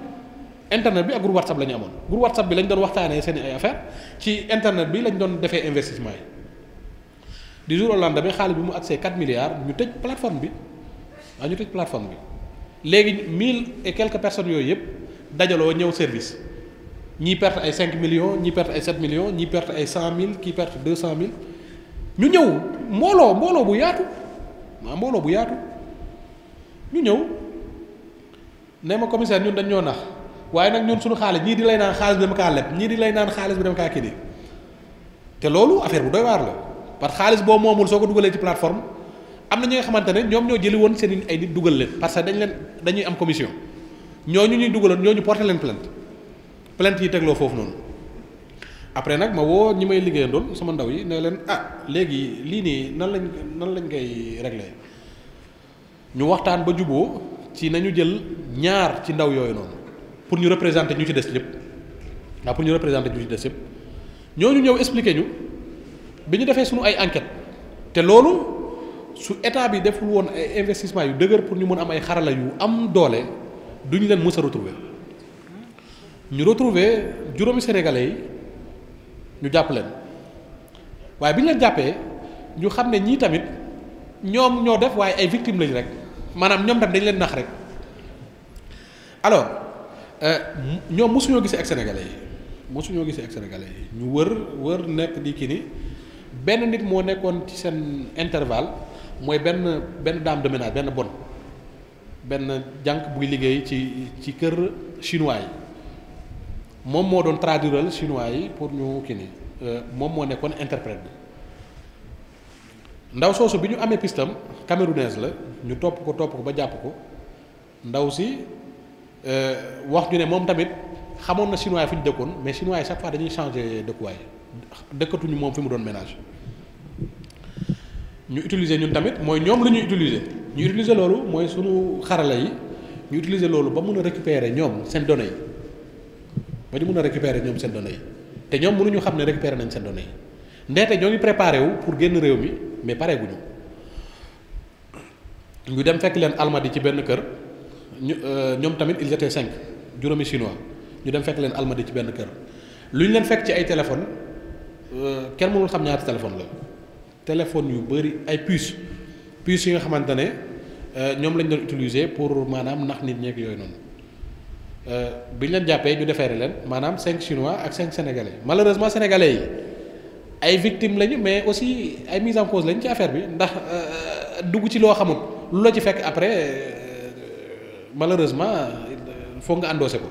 internet bi ak groupe WhatsApp la ñu amoon groupe WhatsApp bi lañ doon waxtaanee seen ay affaire ci internet bi lañ doon defee investissement yi du jour au lendemain bi mu accès 4 milliards ñu tëj plateforme bi. ah ñu tëj plateforme bi léegi mille et quelques personnes yooyu yëpp dajaloo ñëw service ñii perte ay cinq millions ñii perte ay sept millions ñii perte ay cent mille kii perte deux cent mille ñu ñëw mbooloo mbooloo bu yaatu maa ah, mbooloo bu yaatu ñu ñëw ne ma commissaire ñun dañ ñoo nax waaye nag ñun suñu xaalis ñii di lay naan xaalis bi dama kaa leb ñii di lay naan xaalis bi dama kaa kii te loolu affaire bu doy waar la parce que xaalis boo moomul soo ko dugalee ci plateforme. am na ñi nga xamante ne ñoom ñoo jëli woon seen ay nit dugal leen parce que dañ leen dañuy am commission ñooñu ñuy dugaloon ñooñu porté leen plainte plainte yi tegloo foofu noonu après nag ma woo ñi may liggéeyandoon sama ndaw yi ne leen ah léegi lii nii nan lañ nan lañ koy réglé ñu waxtaan ba juboo ci nañu jël ñaar ci ndaw yooyu noonu pour ñu représenter ñu ci des lépp ndax pour ñu représenter ñu ci des ñooñu ñëw expliquer ñu bi ñu defee suñu ay enquête te loolu. su état bi deful woon ay investissement yu dëgër pour ñu mën am ay xarala yu am doole duñ leen mës a ñu retrouver juróomi sénégalais yi ñu jàpp leen waaye bi ñu leen jàppee ñu xam ne ñii tamit ñoom ñoo def waaye ay victimes lañ rek maanaam ñoom tam dañ leen nax rek alors euh, ñoom mosuñoo gisee ak sénégalais yi mosuñoo gisee ak sénégalais yi ñu wër wër nekk di kii ni benn nit moo nekkoon ci seen intervalle. mooy benn benn dame de ménage benn bon benn jànq buy liggéey ci ci kër chinois yi moom moo doon traduiral chinois yi pour ñu kii nii euh, moom moo nekkoon interprète bi ndaw soosu bi ñu amee pistam camerounaise la ñu topp ko topp ko ba jàpp ko ndaw si euh, wax ñu ne moom tamit xamoon na chinois fi ñu dëkkoon mais chinois yi chaque fois dañuy changer dëkkuwaay dëkkatuñu moom fi mu doon ménage ñu utiliser ñu tamit mooy ñoom la ñuy utiliser ñu utiliser loolu mooy sunu xarala yi ñu utiliser loolu ba mun a récupérer ñoom seen données yi ba ñu mun a récupérer ñoom seen données yi te ñoom mënuñu xam ne récupérer nañ seen données yi ndeete ñoo ngi préparé wu pour génn réew mi mais pare guñu ñu dem fekk leen almadi ci benn kër ñu euh, ñoom tamit ils étaient cinq juróomi chinois ñu dem fekk leen almadi ci benn kër lu ñu leen fekk ci ay téléphone euh, kenn mënul xam ñaata téléphone la téléphone yu bëri ay puces puces yi nga xamante ne euh, ñoom lañ doon utiliser pour maanaam nax nit ñeeg yooyu noonu euh, bi ñu leen jàppee ñu defeere leen maanaam cinq chinois ak cinq sénégalais malheureusement sénégalais yi ay victimes lañu mais aussi ay mise en cause lañ ci affaire bi ndax euh, dugg ci loo xamul lu la ci fekk après malheureusement foog nga endossé ko.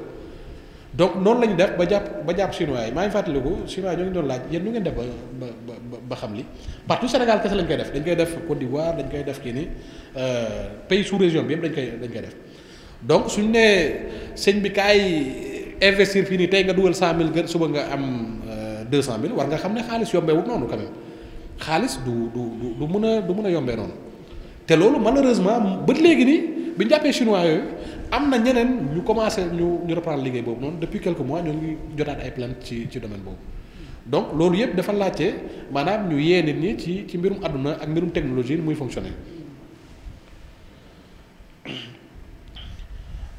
donc noonu lañu def ba jàpp ba jàpp chinois yi maa ngi fàttaliku chinois ñoo ngi doon laaj yéen nu ngeen def ba ba ba xam li partout Sénégal kese la ñu koy def dañ koy def Côte d'Ivoire dañ koy def kii ni euh, pays sous région bi yëpp dañ koy dañ koy def donc suñ nee sëñ bi kaay investir fii nii tey nga dugal cent mille gën suba nga am euh, deux cent mille war nga xam ne xaalis yombee wut noonu quand même xaalis du du du du mën a du mën a yombee noonu te loolu malheureusement ba léegi nii bi jàppee chinois yooyu. am na ñeneen ñu commencé ñu ñu reprendre liggéey boobu noonu depuis quelques mois ñoo ngi jotaat ay plainte ci ci domaine boobu donc loolu yëpp dafa laajte maanaam ñu yee nit ñi ci ci mbirum àdduna ak mbirum technologie muy fonctionner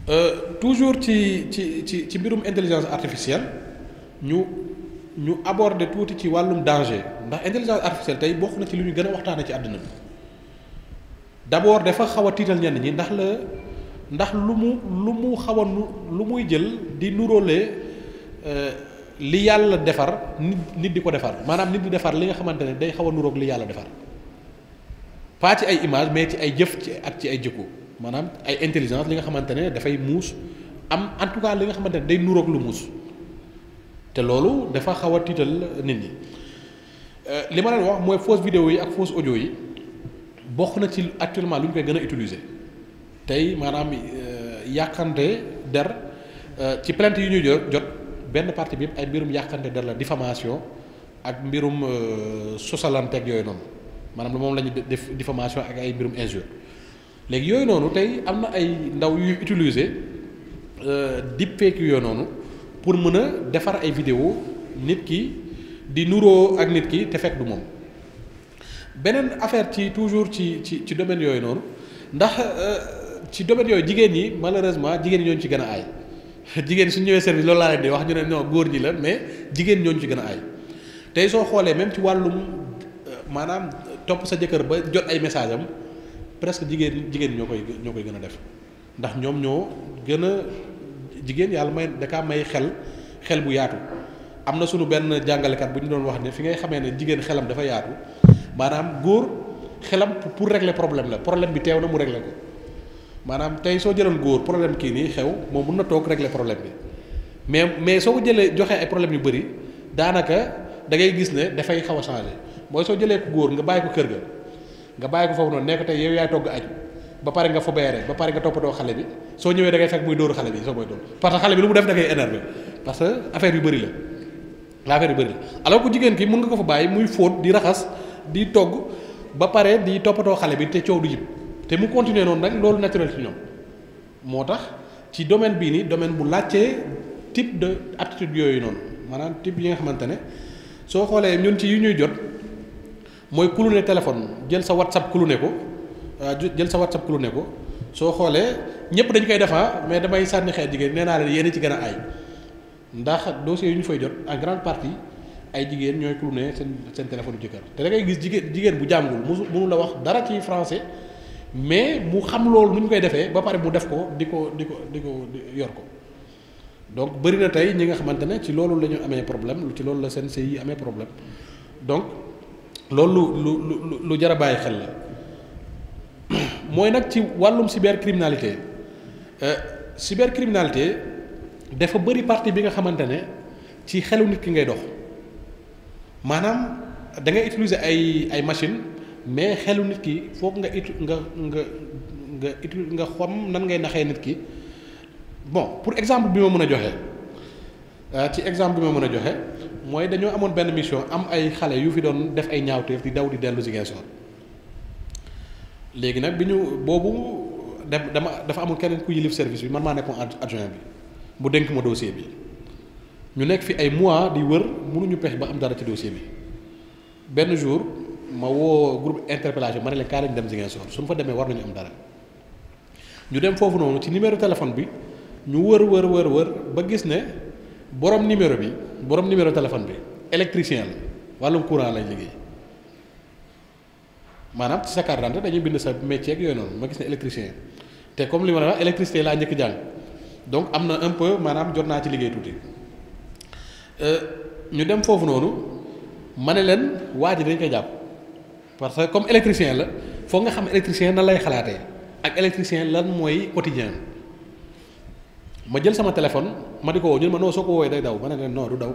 euh, toujours ci ci ci ci mbirum intelligence artificielle ñu ñu aborder tuuti ci wàllum danger ndax intelligence artificielle tey bokk na ci lu ñu gën a waxtaane ci àdduna bi d'abord dafa xaw a tiital ñenn ñi ndax la. ndax lu mu lu mu xaw nu lu muy jël di nuróolee euh, li yàlla defar nit nit di ko defar maanaam nit di defar li nga xamante ne day xaw a nuróog li yàlla defar pas ci ay image mais ci ay jëf ci ak ci ay jikko maanaam ay intelligence li nga xamante ne dafay muus am en tout cas li nga xamante ne day nuróog lu muus te loolu dafa xaw a tiital nit ñi euh, li ma leen wax mooy fausse vidéo yi ak fausse audio yi bokk na ci actuellement lu ñu koy gën a utiliser tey maanaam euh, yàqante der euh, ci plainte yu ñu jot benn partie bi yëpp ay mbirum yàqante der la diffamation ak mbirum euh, sosalante ak yooyu noonu maanaam moom la ñu def diffamation ak ay mbirum injure léegi yooyu noonu tey am na ay ndaw yuy utiliser deepfake yooyu noonu pour mën a defar ay vidéo nit ki di nuroo ak nit ki te fekk du moom beneen affaire ci toujours ci ci ci domaine yooyu noonu ndax ci domaine yooyu jigéen ñi malheureusement jigéen ñi ñooñu ci gën a ay jigéen su ñëwee service loolu laa leen di wax ñu góor ñi la mais jigéen ñooñu ci gën a tey soo xoolee même ci wàllum euh, maanaam topp sa jëkkër ba jot ay message am presque jigéen jigéen ñoo koy ñoo koy gën a def ndax ñoom ñoo gën a jigéen yàlla may dakaa may xel xel bu yaatu am na sunu benn jàngalekat bu ñu doon wax ne fi ngay xamee ne jigéen xelam dafa yaatu maanaam góor xelam pour régler problème la problème bi teew na mu régler ko. maanaam tey soo jëloon góor problème kii nii xew moom mun na toog régler problème bi mais mais soo jëlee joxee ay problème yu bëri daanaka da ngay gis ne dafay xaw a changé mooy soo jëlee ko góor nga bàyyi ko kër ga nga bàyyi ko foofu noonu nekk tey yow yaay togg añ ba pare nga fobeere ba pare nga toppatoo xale bi soo ñëwee da ngay fekk muy dóoru xale bi soo mooy dóor parce que xale bi lu mu def da ngay énervé parce que affaire yu bëri la la affaire yu bëri la alors jigéen ki mun nga ko fa bàyyi muy fóot di raxas di togg ba pare di toppatoo xale bi te coow du yëpp te mu continuer noonu rek loolu naturel ci ñoom moo tax ci domaine bii nii domaine bu laajtee type de aptitude yooyu noonu maanaam type yi nga xamante ne soo xoolee ñun ci yu ñuy jot mooy cloner téléphone jël sa whatsapp cloner ko jël sa whatsapp cloner ko soo xoolee ñëpp dañ koy defaa ah, mais damay sànni xeet jigéen nee naa leen yéen ci gën a aay ndax dossier yu ñu fay jot en grande partie ay jigéen ñooy cloner seen seen téléphone jëkkër te da ngay gis jigéen jigéen bu jàngul mu mënu la wax dara ci français. mais mu xam loolu nu ñu koy defee ba pare mu def ko di ko di ko di ko yor ko donc bëri na tey ñi nga xamante ne ci loolu la ñu amee problème ci loolu la seen sëy yi amee problème donc loolu lu lu lu lu jar a bàyyi xel la mooy nag ci wàllum criminalité cybercriminalité euh, criminalité dafa bëri partie bi nga xamante ne ci xelu nit ki ngay dox maanaam da ngay utiliser ay ay machine mais xelu nit ki foog nga it nga nga nga it nga xam nan ngay naxee nit ki bon pour exemple bi ma mën a joxe ah, ci exemple bi ma mën a joxe mooy dañoo amoon benn mission am ay xale yu fi doon def ay ñaawteef di daw di dellu si Ziguinchor léegi nag bi ñu boobu dama dafa amul keneen ku yilif service bi man maa nekkoon adjoint bi mu dénk ma dossier bi ñu nekk fi ay mois di wër mënuñu pexe ba am dara ci dossier bi benn jour. ma woo groupe interpellation ma ne leen kaa leen dem Ziguinchor suñu fa demee war nañu am dara ñu dem foofu noonu ci numéro téléphone bi ñu wër wër wër wër ba gis ne borom numéro bi borom numéro téléphone bi électricien la wàllum courant lay liggéey maanaam ci sa carte d'identité dañuy bind sa métier yooyu noonu ma gis ne électricien te comme li ma la wax laa njëkk jàng donc am na un maanaam jot naa ci liggéey tuuti euh, ñu dem foofu noonu ma ne leen waa ji dañ koy jàpp. parce que comme électricien la foo nga xam électricien na lay xalaatee ak électricien lan mooy quotidien ma jël sama téléphone ma di ko woo ñu ma noo soo ko woowee day daw ma ne leen non du ah,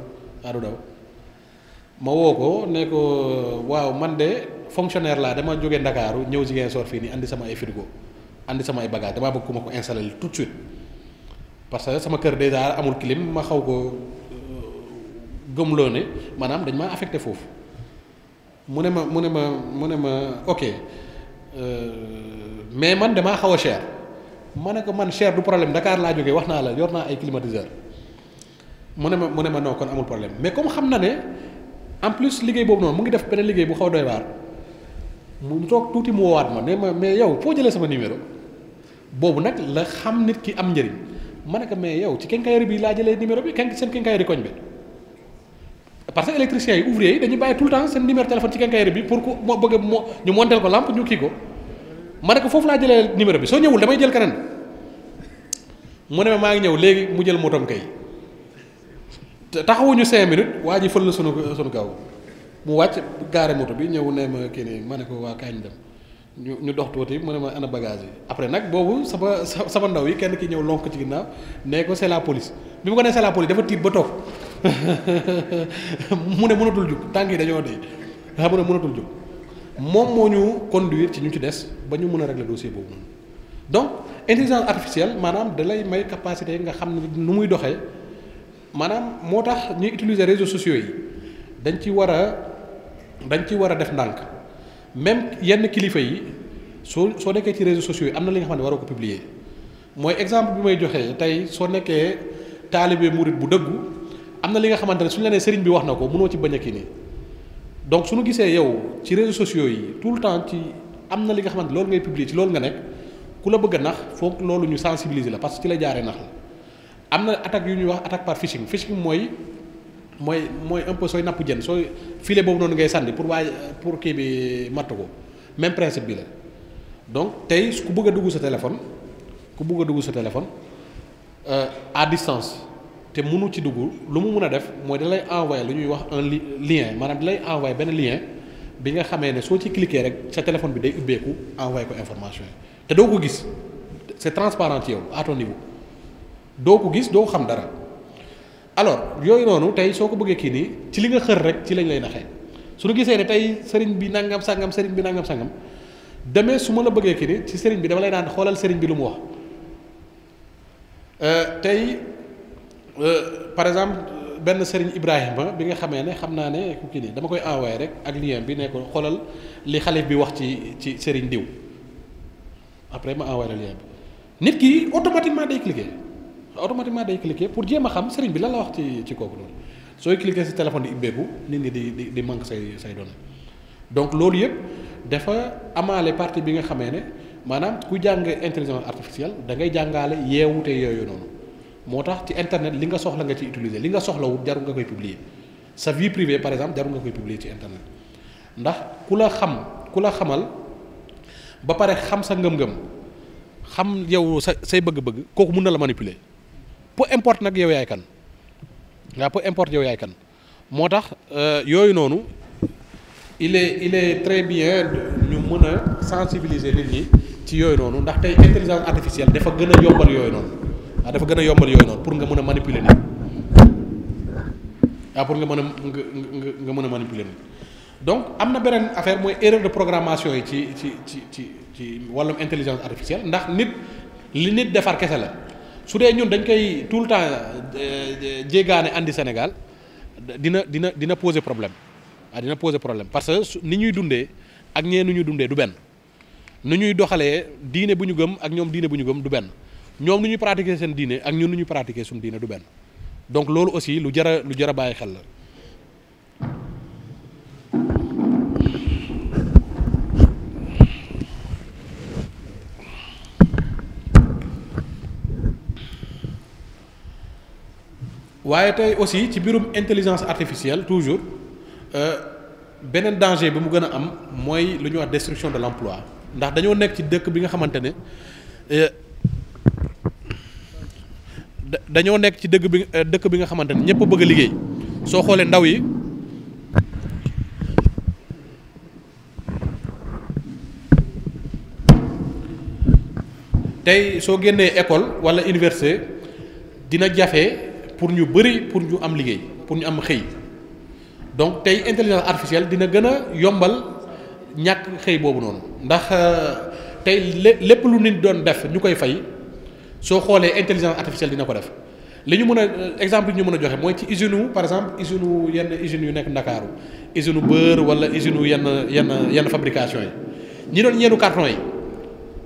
ko ne ko waaw man de fonctionnaire laa dama jógee Ndakaaru ñëw Ziguinchor fii nii indi sama ay frigo andi sama ay bagage damaa bëgg ma ko installer tout de suite parce que sama kër déjà amul clim ma xaw ko euh, gëmloo ne maanaam dañ maa affecté foofu. mu ne ma mu ne ma mu ne ma ok euh, mais man damaa xaw a cher ma ne ko man cher du problème Dakar laa jóge wax naa la yor naa ay climatiseur mu ne ma mu ne ma non kon amul problème mais comme xam na ne en plus liggéey boobu noonu mu ngi def benn liggéey bu xaw a doy waar mu toog tuuti mu woowaat ma ne ma mais yow foo jëlee sama numéro boobu nag la xam nit ki am njëriñ ma ne ko mais yow ci kenkaayari bi laa jëlee numéro bi kenn seen kenkaayari koñ bi. parce que électriciens yi ouvrier yi dañuy bàyyi tout le temps seen numéro téléphone ci quincaillerie bi pour que moo bëgg moo ñu monteel ko lampe ñu kii ko ma ne ko foofu laa jëlee numéro bi soo ñëwul damay jël keneen mu ne maa ngi ñëw léegi mu jël motom te taxawuñu cinq minutes waa ji fël na sunu sunu kaw mu wàcc gaare moto bi ñëw ne ma kii nii ma ne ko waa kaay ñu dem ñu ñu dox tuuti mu ne ma ana bagage après nag boobu sama sama ndaw yi kenn ki ñëw lonk ci ginnaaw ne ko c'est la police bi mu ko nee c'est la police dafa tiit ba toog. mu ne mënatul jug tànk yi dañoo dee xam ne mënatul jug moom moo ñu conduire ci ñu ci des ba ñu mën a régler dossier boobu noonu donc intelligence artificielle maanaam dalay lay may capacité nga xam ne nu muy doxee maanaam moo tax ñuy utiliser réseaux sociaux yi dañ ci war a dañ ci war a def ndànk même yenn kilifa yi soo soo nekkee ci réseaux sociaux yi am na li nga xam ne waroo ko publier mooy exemple bi may joxee tey soo nekkee taalibe murit bu dëggu am na li nga xamante ne suñu la nee sëriñ bi wax na ko mënoo ci bañ a kii nii donc suñu gisee yow ci réseaux sociaux yi tout le temps ci am na li nga xamante loolu ngay publier ci loolu nga nekk ku la bëgg a nax foog loolu ñu sensibiliser la parce que ci la jaaree nax la am na attaque yu ñuy wax attaque par phishing phishing mooy mooy mooy un peu sooy napp jën sooy filet boobu noonu ngay sànni pour waay pour kii bi matt ko même principe bi la donc tey ku bëgg dugg sa téléphone ku bëgg a dugg sa téléphone euh, à distance te mënu ci dugg lu mu mun a def mooy da lay envoyé lu ñuy wax un lien maanaam da lay envoyé benn lien bi nga xamee ne soo ci cliquer rek sa téléphone bi day ubbeeku envoyé ko information yi te doo ko gis c'est transparent ci yow à niveau doo ko gis doo xam dara alors yooyu noonu tey soo ko bëggee kii nii ci li nga xër rek ci lañ lay naxee su ñu gisee ne tey sëriñ bi nangam sangam sëriñ bi nangam sangam deme su ma la bëggee kii nii ci sëriñ bi dama lay naan xoolal sëriñ bi lu mu wax euh, Euh, par exemple benn Serigne Ibrahima bi nga xamee ne xam naa ne ku kii nii dama koy envoyé rek ak lien bi ne ko li xalif bi wax ci ci Serigne diw après ma envoyé la nit ki automatiquement day cliqué automatiquement day cliqué pour jéem a xam Serigne bi lan la wax ci ci kooku loolu sooy cliqué téléphone di ibbeeku di di di manque say say données donc loolu yëpp dafa amaale partie bi nga xamee ne maanaam ku jàng intelligence artificielle da ngay jàngaale yeewute yooyu noonu. moo tax ci internet li nga soxla nga ci utiliser li nga soxlawut jarul nga koy publier sa vie privée par exemple jarul nga koy publier ci internet ndax ku la xam ku la xamal ba pare xam sa ngëm-ngëm xam yow sa say bëgg-bëgg kooku mun na la manipuler peu importe nag yow yaay kan nga peu importe yow yaay kan moo tax euh, yooyu noonu il est il est très bien ñu mën a sensibiliser nit ñi ci yooyu noonu ndax tey intelligence artificielle dafa gën a yombal yooyu noonu. Ah, dafa gën a yombal yooyu noonu pour nga mën a manipuler nit ah, nga mën a nga nga nga mën a manipuler donc am na beneen affaire mooy erreur de programmation yi ci ci ci ci ci wàllum intelligence artificielle ndax nit li nit defar kese la su dee ñun dañ koy tout le temps euh, jéegaane andi Sénégal dina dina dina poser problème ah dina poser problème parce que ni ñuy dundee ak ñee nu ñuy dundee du benn nu ñuy doxalee diine bu ñu gëm ak ñoom diine bu ñu gëm du benn. ñoom lu ñuy pratiquer seen diine ak ñun nu ñuy pratiquer suñu diine du benn donc loolu aussi lu jara lu jara bàyyi xel la. waaye tey aussi ci biirum intelligence artificielle toujours euh, beneen danger bi mu gën a am mooy lu ñuy wax destruction de l'emploi ndax dañoo nekk ci dëkk bi nga xamante ne. Euh, dañoo nekk ci dëgg bi eh, dëkk bi nga xamante ne ñëpp bëgg a liggéey soo xoolee ndaw yi tey soo génnee école walla université dina jafe pour ñu bëri pour ñu am liggéey pour ñu am xëy donc tey intelligence artificielle dina gën a yombal ñàkk xëy boobu noonu ndax euh, tey lépp lu nit doon def ñu koy fay soo xoolee intelligence artificielle dina ko def li ñu mën a euh, exemple ñu mën a joxe mooy ci usine wu par exemple usine wu yenn usines yu nekk ndakaaru usine beurre wala usine yenn yenn yenn fabrication yi ñi doon ñeenu carton yi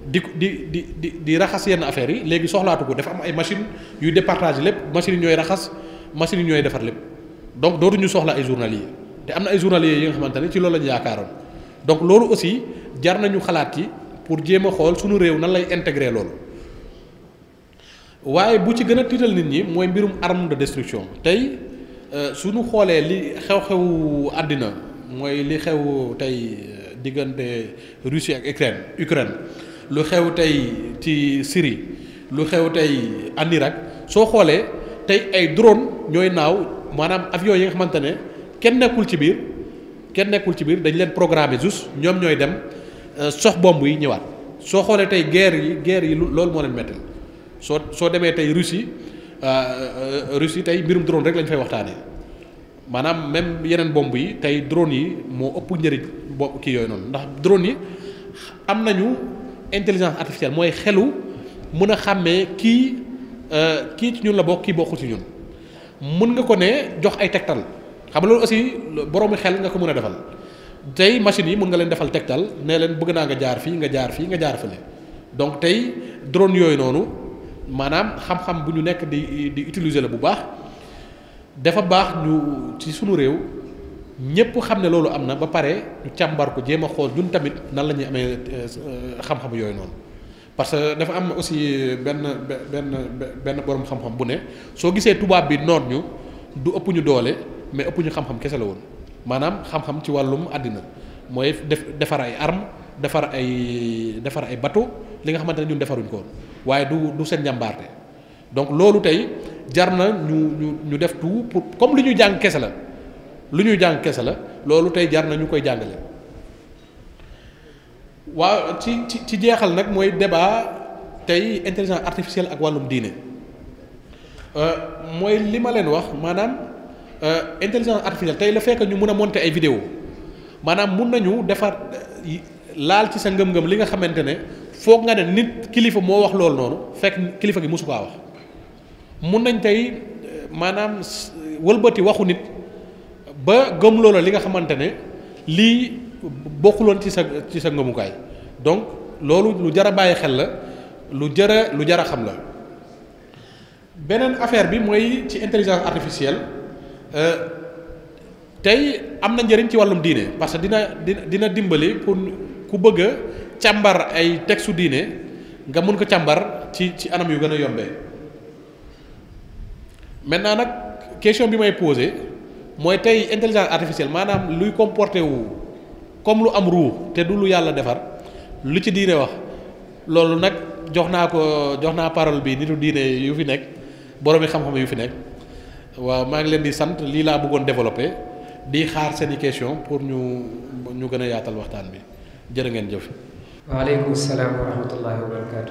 di di di di di raxas yenn affaires yi léegi soxlaatu ko dafa am ay machine yuy départage lépp machines yi ñooy raxas machines yi ñooy defar lépp donc dootuñu soxla ay journaliers te am na ay journaliers yi nga xamante ne ci loolu lañu yaakaaroon donc loolu aussi jar nañu xalaat yi pour jéem a xool suñu réew nan lay intégrer loolu waaye bu ci gën a tiital nit ñi mooy mbirum arme de destruction tey euh, suñu xoolee li xew-xewu àddina mooy li xew tey euh, diggante Russie ak Ukraine Ukraine lu xew tey ci siri lu xew tey en Irak soo xoolee tey ay drone ñooy naaw maanaam avion yi nga xamante ne kenn nekkul ci biir kenn nekkul ci biir dañ leen programmer juste ñoom ñooy dem euh, sox bomb yi ñëwaat soo xoolee tey guerre yi guerre yi loolu moo leen mettal soo soo demee tey Russie euh, euh, Russie tey mbirum drone rek lañ fay waxtaanee maanaam même yeneen bomb yi tey drone yi moo ëpp njëriñ bopp kii yooyu noonu ndax drone yi am nañu intelligence artificielle mooy xelu mun a xàmmee kii euh, kii ci ñun la bokk kii bokku ci ñun mun nga ko ne jox ay tegtal xam nga loolu aussi boroomu xel nga ko mën a defal tey machine yi mun nga leen defal tegtal nee leen bëgg naa nga jaar fii nga jaar fii nga jaar fële donc tey drone yooyu noonu. maanaam xam-xam bu ñu nekk di di utiliser la bu baax dafa baax ñu ci suñu réew ñëpp xam ne loolu am na ba pare ñu càmbar ko jéem a xool ñun tamit nan la ñuy amee euh, xam-xam yooyu noonu. parce que dafa am na aussi euh, benn benn benn borom xam-xam bu ne soo gisee tubaab bi noot ñu du ëpp ñu doole mais ëpp ñu xam-xam kese la woon maanaam xam-xam ci wàllum àddina mooy def defar ay armes defar ay defar ay bateau li nga xamante ne ñun defaruñ ko waaye du du seen njàmbaarte donc loolu tey jar na ñu ñu ñu def tu pour comme lu ñuy jàng kese la lu ñuy jàng kese la loolu tey jar na ñu koy jàngale. waaw ci ci ci jeexal nag mooy débat tey intelligence artificielle ak wàllum diine euh, mooy li ma leen wax maanaam euh, intelligence artificielle tey la fekk ñu mën a monter ay vidéo maanaam mun nañu defar laal ci sa ngëm-ngëm li nga xamante ne. foog nga ne nit kilifa moo wax loolu noonu fekk kilifa gi mosu kaa wax mun nañ tey eh, maanaam wëlbati waxu nit ba gëm loola li nga xamante ne lii bokkuloon ci sa ci sa ngëmukaay donc loolu lu jar a bàyyi xel la lu jar a lu jar a xam la beneen affaire bi mooy ci intelligence artificielle euh, tey am na njëriñ ci wàllum diine parce que dina dina dina dimbali pour ku bëgg a càmbar ay textu diine nga mun ko càmbar ci ci anam yu gën a yombee maintenant nag question bi may posé mooy tey intelligence artificielle maanaam luy comporté wu comme lu am ruu te du lu yàlla defar lu ci diine wax loolu nag jox naa ko jox naa parole bi nitu diine yu fi nekk boroomi xam-xam yu fi nekk waaw maa ngi leen di sant lii laa bëggoon développé di xaar seeni question pour ñu ñu gën a yaatal waxtaan bi jërë ngeen jëf waaleykum salaam wa rahmatullahi wa barakaatu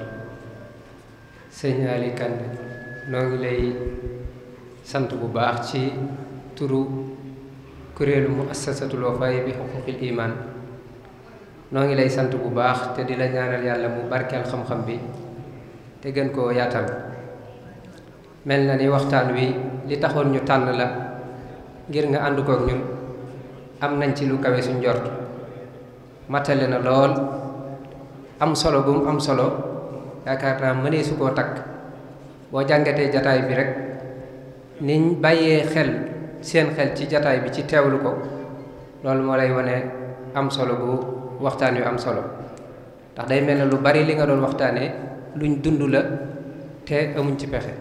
sëñ Ali Kande noo ngi lay sant bu baax ci turu kuréelu mu assasatul wafaay bi xuquqil iman noo ngi lay sant bu baax te di la ñaanal yàlla mu barkeel xam-xam bi te gën koo yaatal mel na ni waxtaan wi li taxoon ñu tànn la ngir nga ànd kook ñun am nañ ci lu kawe suñ njort matale na lool am solo bu am solo yaakaar naa mënee su koo takk boo jàngatee jataay bi rek niñ bàyyee xel seen xel ci jataay bi ci teewlu ko loolu moo lay wane am solo bu waxtaan wi am solo ndax day mel na lu bari li nga doon waxtaanee luñ dund la te amuñ ci pexe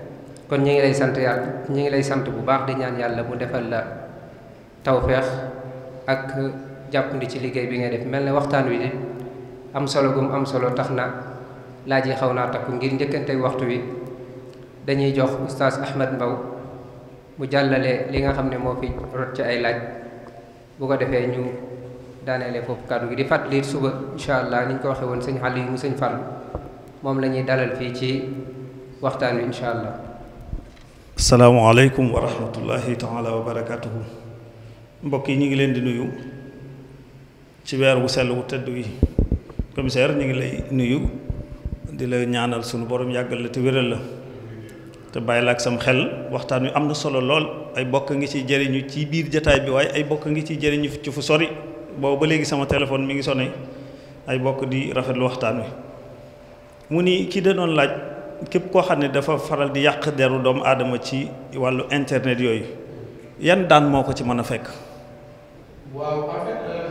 kon ñu ngi lay sant yàlla ñu ngi lay sant bu baax di ñaan yàlla mu defal la tawfeex ak jàppandi ci liggéey bi ngay def mel ne waxtaan wi de am solo gum am solo tax na laaj yi xaw naa takk ngir njëkkante waxtu wi dañuy jox oustaz Ahmed Mbaw mu jàllale li nga xam ne moo fi rot ci ay laaj bu ko defee ñu daaneele foofu kàddu gi di fàttali suba incha allah ni ñu ko waxee woon sëñ xale yi mu sëñ Fall moom la ñuy dalal fii ci waxtaan wi incha allah. salaamualeykum wa rahmatullahi taala wa barakatuhu mbokk yi ñu ngi leen di nuyu ci weer wu sell wu tëdd wi. commissaire ñu ngi lay nuyu di la ñaanal sunu borom yàggal la te wéral la te bàyyi la ak sam xel waxtaan wi am na solo lool ay bokk ngi ci jëriñu ci biir jataay bi waaye ay bokk ngi ci jëriñu ci fu sori boobu ba léegi sama téléphone mu ngi sone ay bokk di rafetlu waxtaan wi mu ni kii da doon laaj képp koo xam ne dafa faral di yàq deru doomu aadama ci wàllu internet yooyu yan daan moo ko ci mën a fekk euh,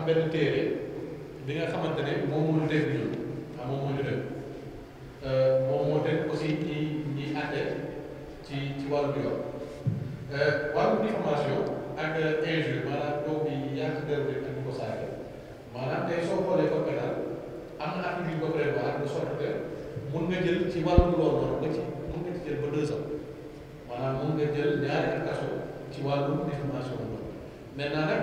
am benn téere bi nga xamante ne moom moo dégg ñun ah moom moo ñu dégg euh, moom moo dégg aussi ñi ñi àtte ci ci wàllu yoon euh, wàllu diffamation ak injure maanaam kooku di yàq dër bi ak ko saaga maanaam tey soo xoolee code pénal am na article yu ko prévoir de sorte que mun nga jël ci wàllu loolu noonu nga ci mun nga ci jël ba deux ans maanaam mun nga jël ñaari at kaso ci wàllu diffamation boobu maintenant nag.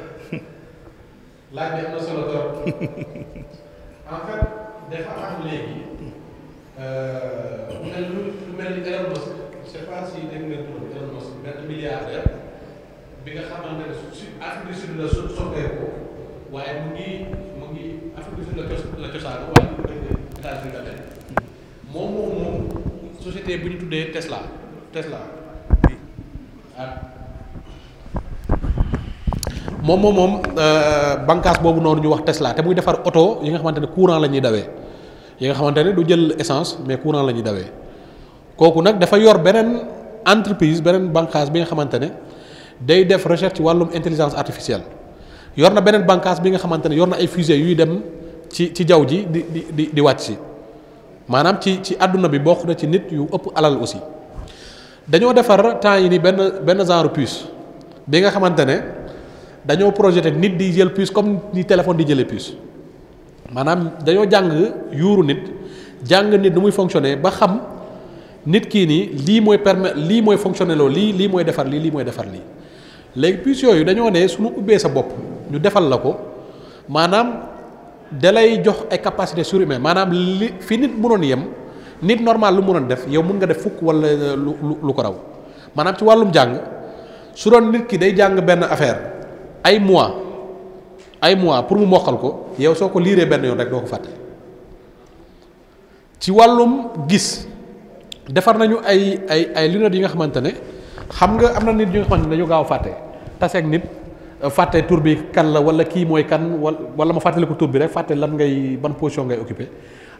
laaj bi am na solo trop en am léegi euh, lu mel lu la su soppeeku waaye waaye mu ngi moom moom moom société bu ñu tuddee Tesla Tesla ah. moom moom moom euh, bànqaas boobu noonu ñu wax Tesla te muy defar oto yi nga xamante ne courant la ñuy dawee yi nga xamante ne du jël essence mais courant la ñuy dawee kooku nag dafa yor beneen entreprise beneen bànqaas bi nga xamante ne day def recherche ci wàllum intelligence artificielle yor na beneen bànqaas bi nga xamante ne yor na ay fusée yuy dem ci ci jaww ji di di di wàcc si maanaam ci ci àdduna bi bokk na ci nit yu ëpp alal aussi dañoo defar temps yi ni benn benn genre bi nga xamante ne. dañoo projeté nit di jël puce comme ni téléphone di jëlee puce maanaam dañoo jàng yuuru nit jàng nit nu muy fonctionner ba xam nit kii nii lii mooy permet lii mooy fonctionner loo lii lii mooy defar lii lii defar lii léegi puce yooyu dañoo ne suñu ubbee sa bopp ñu defal la ko maanaam dalay jox ay capacité surhumaine maanaam li fi nit mënoon yem nit normal lu mu mënoon def yow mun nga def fukk wala lu lu ko raw maanaam ci wàllum jàng su doon nit ki day jàng benn affaire. ay mois ay mois pour mu mokkal ko yow soo ko liiree benn yoon rek doo ko fàtte ci wàllum gis defar nañu ay ay ay lunettes yi nga xamante ne xam nga am na nit ñi nga xamante ne dañu gaaw fàtte taseeg nit fàtte tour bi kan la wala kii mooy kan wala ma fàttali ko tur bi rek fàtte lan ngay ban position ngay occupé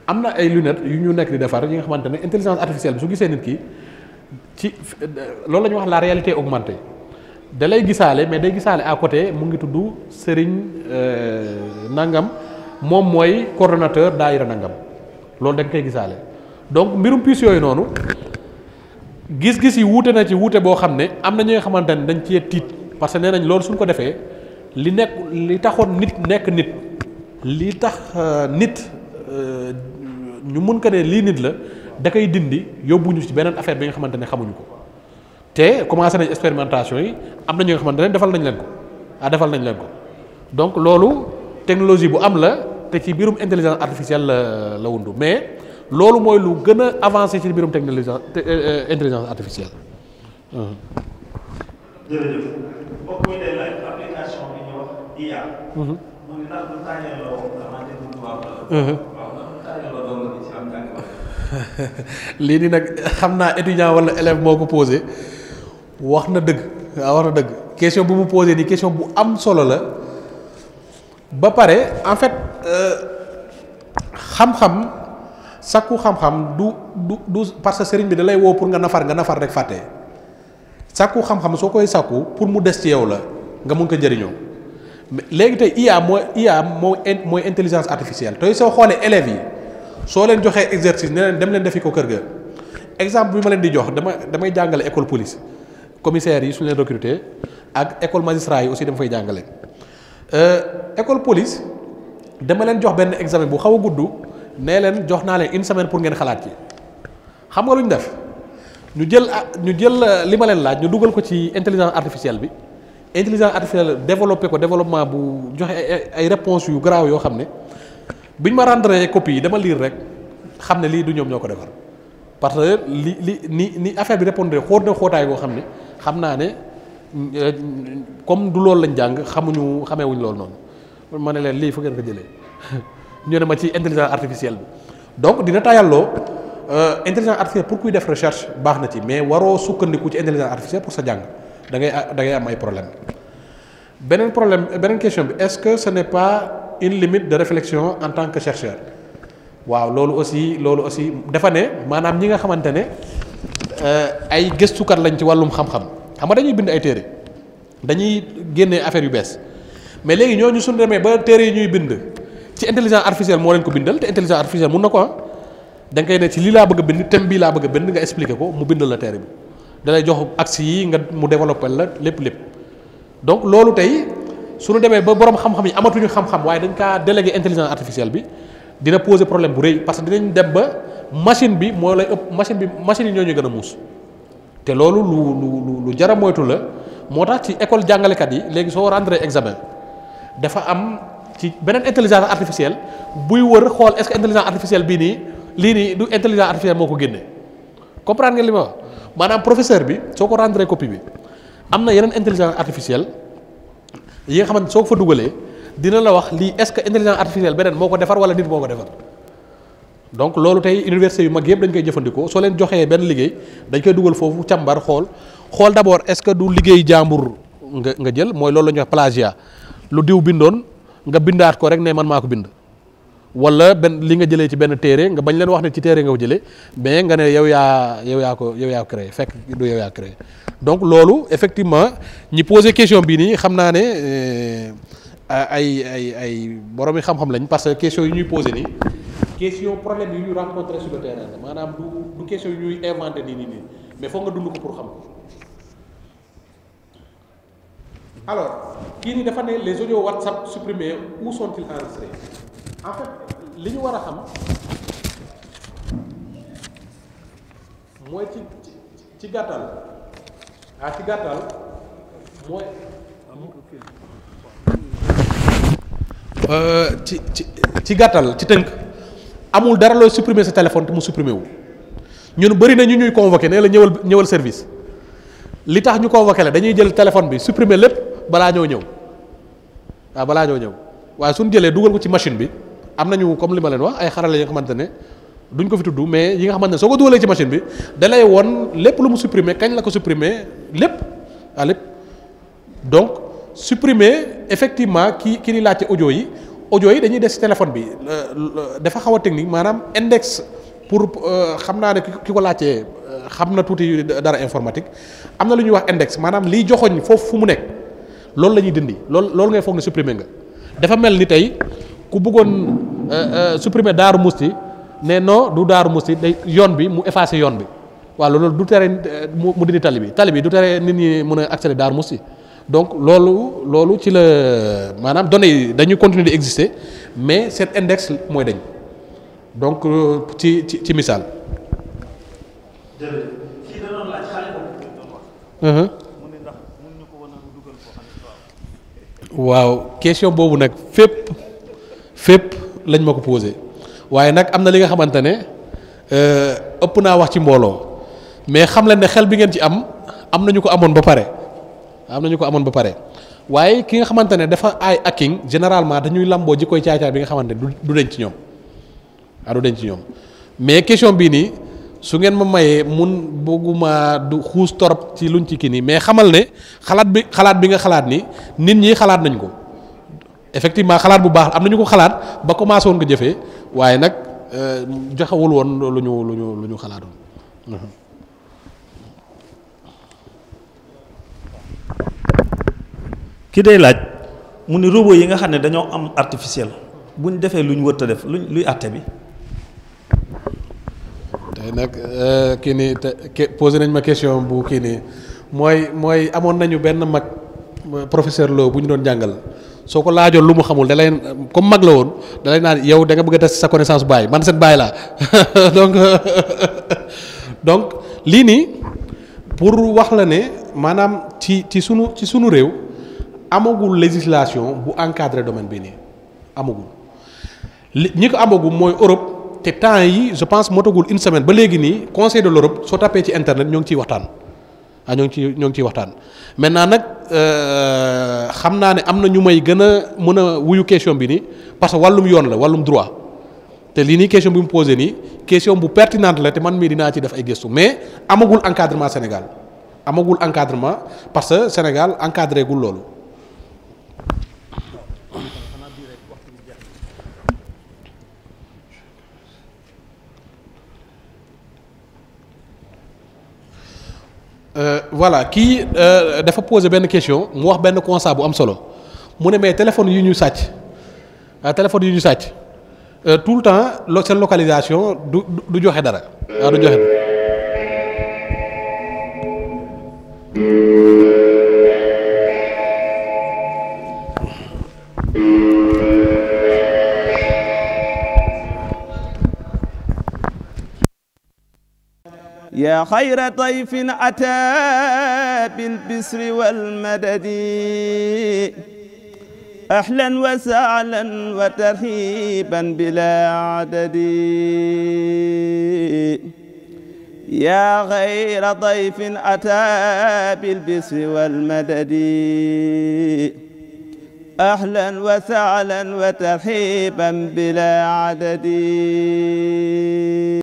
am na ay lunettes yu ñu nekk di defar yi nga xamante ne intelligence artificielle bi su gisee nit ki ci loolu la ñuy wax la réalité augmentée. da lay gisaale mais day gisaale à côté mu ngi tudd Serigne euh, Nangam moom mooy coordonnateur daayira Nangam loolu da nga koy gisaale donc mbirum puces yooyu noonu gis-gis yi wuute na ci wuute boo xam ne am na ñi nga xamante ne dañ cee tiit parce que nee nañ loolu suñ ko defee li nekk li taxoon nit nekk nit li tax euh, nit euh, ñu mun ko ne lii nit la da koy dindi yóbbuñu ci beneen affaire bi nga xamante ne xamuñu ko. te commencé nañ expérimentation yi am nañoo ñi ne defal nañ leen ko ah, defal nañ leen ko donc loolu technologie bu am la te ci mbirum intelligence artificielle la wundu mais loolu mooy lu gën a avancé ci mbirum technologie euh, euh, intelligence artificielle. jërëjëf lii nii nag xam naa étudiant wala élève moo ko posé. wax na dëgg wax na dëgg question bu mu posé nii question bu am solo la ba pare en fait euh, xam-xam sakku xam-xam du du du parce que sëriñ bi dalay lay woo pour nga nafar nga nafar rek fàtte sakku xam-xam soo koy sakku pour mu des ci yow la nga mun ko jëriñoo léegi tey IA mooy IA mooy mooy intelligence artificielle tey soo xoolee élèves yi soo leen joxee exercice ne leen dem leen defi ko kër ga exemple bi ma leen di jox dama damay jàngale école police. commissaires yi suñu leen recruter ak école magistrat yi aussi dama fay jàngale. Euh, école police dama leen jox benn examen bu xaw a gudd nee leen jox naa leen une semaine pour ngeen xalaat ci xam nga lu ñu def ñu jël a ñu jël li ma leen laaj ñu dugal ko ci intelligence artificielle bi intelligence artificielle développé ko développement bu joxe ay réponses yu garaaw yoo xam ne bi ñu ma rendre copie yi dama lire rek xam ne lii du ñoom ñoo ko defar parce que li li ni ni affaire bi répondre xóot na xam ne. xam naa ne comme du loolu lañ jàng xamuñu xamee wuñ loolu noonu ma ne leen lii fa ngeen ko jëlee ñu ne ma ci intelligence artificielle bi donc dina taayalloo euh, intelligence artificielle pour kuy def recherche baax na ci mais waroo sukkandiku ci intelligence artificielle pour sa jàng da ngay da ngay am ay problème beneen problème beneen question bi est-ce que ce n'est pas une limite de réflexion en tant que chercheur waaw loolu aussi loolu aussi dafa ne maanaam ñi nga xamante ne. Euh, ay gëstukat lañ ci wàllum xam-xam xam nga dañuy bind ay téere dañuy génnee affaire yu bees mais léegi ñooñu suñu demee ba téere yi ñuy bind ci intelligence artificielle moo leen ko bindal te intelligence artificielle mun na ko ah da ngay ne ci lii laa bëgg a bind thème bii laa bëgg a bind nga expliqué ko mu bindal la téere bi dalay jox axe yi nga mu développé la lépp lépp donc loolu tey su nu demee ba borom xam-xam yi amatuñu xam-xam waaye dañ kaa délégué intelligence artificielle bi dina poser problème bu rëy parce que dinañ dem ba. machine bi moo lay ëpp machine bi machine yi ñoo ñu gën a muus te loolu lu lu lu jara moytu la moo tax ci école jàngalekat yi léegi soo rendre examen dafa am ci beneen intelligence artificielle buy wër xool est-ce que intelligence artificielle bii nii lii nii du intelligence artificielle moo ko génne comprendre nga li ma wax maanaam professeur bi soo ko rendre copie bi am na yeneen intelligence artificielle yi nga xamante soo ko fa dugalee dina la wax lii est-ce que intelligence artificielle beneen moo ko defar wala nit moo ko defar. donc loolu tey université yu mag yëpp dañ koy jëfandikoo soo leen joxee benn liggéey dañ koy dugal foofu càmbar xool xool d'abord est-ce que du liggéey jàmbur nga nga jël mooy loolu la ñuy wax plagiat lu diw bindoon nga bindaat ko rek ne man maa ko bind wala benn li nga jëlee ci benn téere nga bañ leen wax ne ci téere nga ko jëlee mais nga ne yow yaa yow yaa ko yow yaa ko créé fekk du yow yaa créé donc loolu effectivement ñi posé question bii nii xam naa ne euh, ay ay ay boromi xam-xam lañ parce que question yi ñuy posé nii question problème yi ñu rencontré sur le maanaam du du question yu ñuy inventé nii nii mais foog nga dund ko pour xam ko kii nii dafa ne les audios WhatsApp supprimés où sont-ils enregistrés en fait li ñu war a xam mooy ci ci gàttal ah, ci gàttal mooy. Euh, ci gàttal ci tënk. amul dara looy supprimer sa téléphone te mu supprimer wu ñun bëri na ñu ñuy convoqué nee la ñëwal ñëwal service li tax ñu convoqué la dañuy jël téléphone bi supprimer lépp balaa ñoo ñëw waaw ah, balaa ñoo ñëw waaye suñu jëlee dugal ko ci machine bi am nañu comme li ma leen wax ay xarala yi nga xamante ne duñ ko fi tudd mais yi nga xamante soo ko dugalee ci machine bi dalay won lépp lu mu supprimer kañ la ko supprimer lépp waaw ah, donc supprimer effectivement ki ki ni laajte audio yi audio yi dañuy des téléphone bi dafa xaw a technique maanaam index pour euh, xam naa ne ki ko laajtee euh, xam na tuuti dara informatique am na lu ñuy wax index maanaam liy joxoñ foofu fu mu nekk loolu la ñuy dindi lool loolu ngay foog ne supprimer nga dafa mel ni tey ku bëggoon euh, supprimer Daaru Musti ne no du Daaru Musti day yoon bi mu effacer yoon bi waaw loolu du tere mu dindi tali bi tali bi du tere nit ñi mën a accéder Daaru Musti donc loolu loolu ci la maanaam données yi dañuy continuer di exister mais cet index mooy dañ donc euh, ci ci ci misaal. Uh-huh. waaw question boobu nag fépp fépp lañ ma ko posé waaye nag am na li nga xamante ne euh, ëpp naa wax ci mbooloo mais xam leen ne xel bi ngeen ci am am nañu ko amoon ba pare. am na ñu ko amoon ba pare waaye ki nga xamante ne dafa aay hacking généralement dañuy lamboo ji koy caay-caay bi nga xamante ne du denc ci ñoom ah du denc ci ñoom mais question bii nii su ngeen ma mayee mun bëgguma du xuus torop ci luñ ci kii nii mais xamal ne xalaat bi xalaat bi nga xalaat ni nit ñi xalaat nañ ko effectivement xalaat bu baax am nañu ko xalaat ba commencé woon ko jëfee waaye nag euh, joxewul woon lu ñu lu ñu lu ñu xalaatoon ki day laaj mu ni robot yi nga xam ne dañoo am artificiel bu ñu defee lu ñu wërta def luñ luy àtte bi tey nag euh, kii nii te posé nañ ma question bu kii nii mooy mooy amoon nañu benn mag euh, professeur Lo bu ñu doon jàngal soo ko laajoon lu mu xamul da comme mag la woon da lay naan yow da nga bëgg a test sa connaissance baay man seen baay laa donc donc lii nii pour wax la ne maanaam ci ci sunu ci sunu réew amagul législation bu encadrer domaine bi nii amagul li ñi ko amagu mooy Europe te temps yi je pense motagul une semaine ba léegi nii conseil de l' Europe soo tapee ci internet ñoo ngi ciy waxtaan ah ñoo ngi ciy ñoo ngi ciy waxtaan maintenant nag euh, xam naa ne am na ñu may gën a mën a wuyu question bi nii parce que wàllum yoon la wàllum droit te lii nii question bi mu posé nii question bu pertinente la te man mii dinaa ci def ay gëstu mais amagul encadrement Sénégal amagul encadrement parce que Sénégal encadré gul loolu. Euh, voilà kii euh, dafa posé benn question mu wax benn constat bu am solo mu ne mais téléphone yu ñu sàcc ah, téléphone yu ñu sàcc euh, tout le temps seen localisation du du joxe dara ah, du joxe. yaa xayra dayfin ataa bil bisri wal madadi ahlan wa sahlan wa tarhiban bilaa adadi yaa xayra dayfin ataa bil bisri wal madadi ahlan wa sahlan wa tarhiban bilaa adadi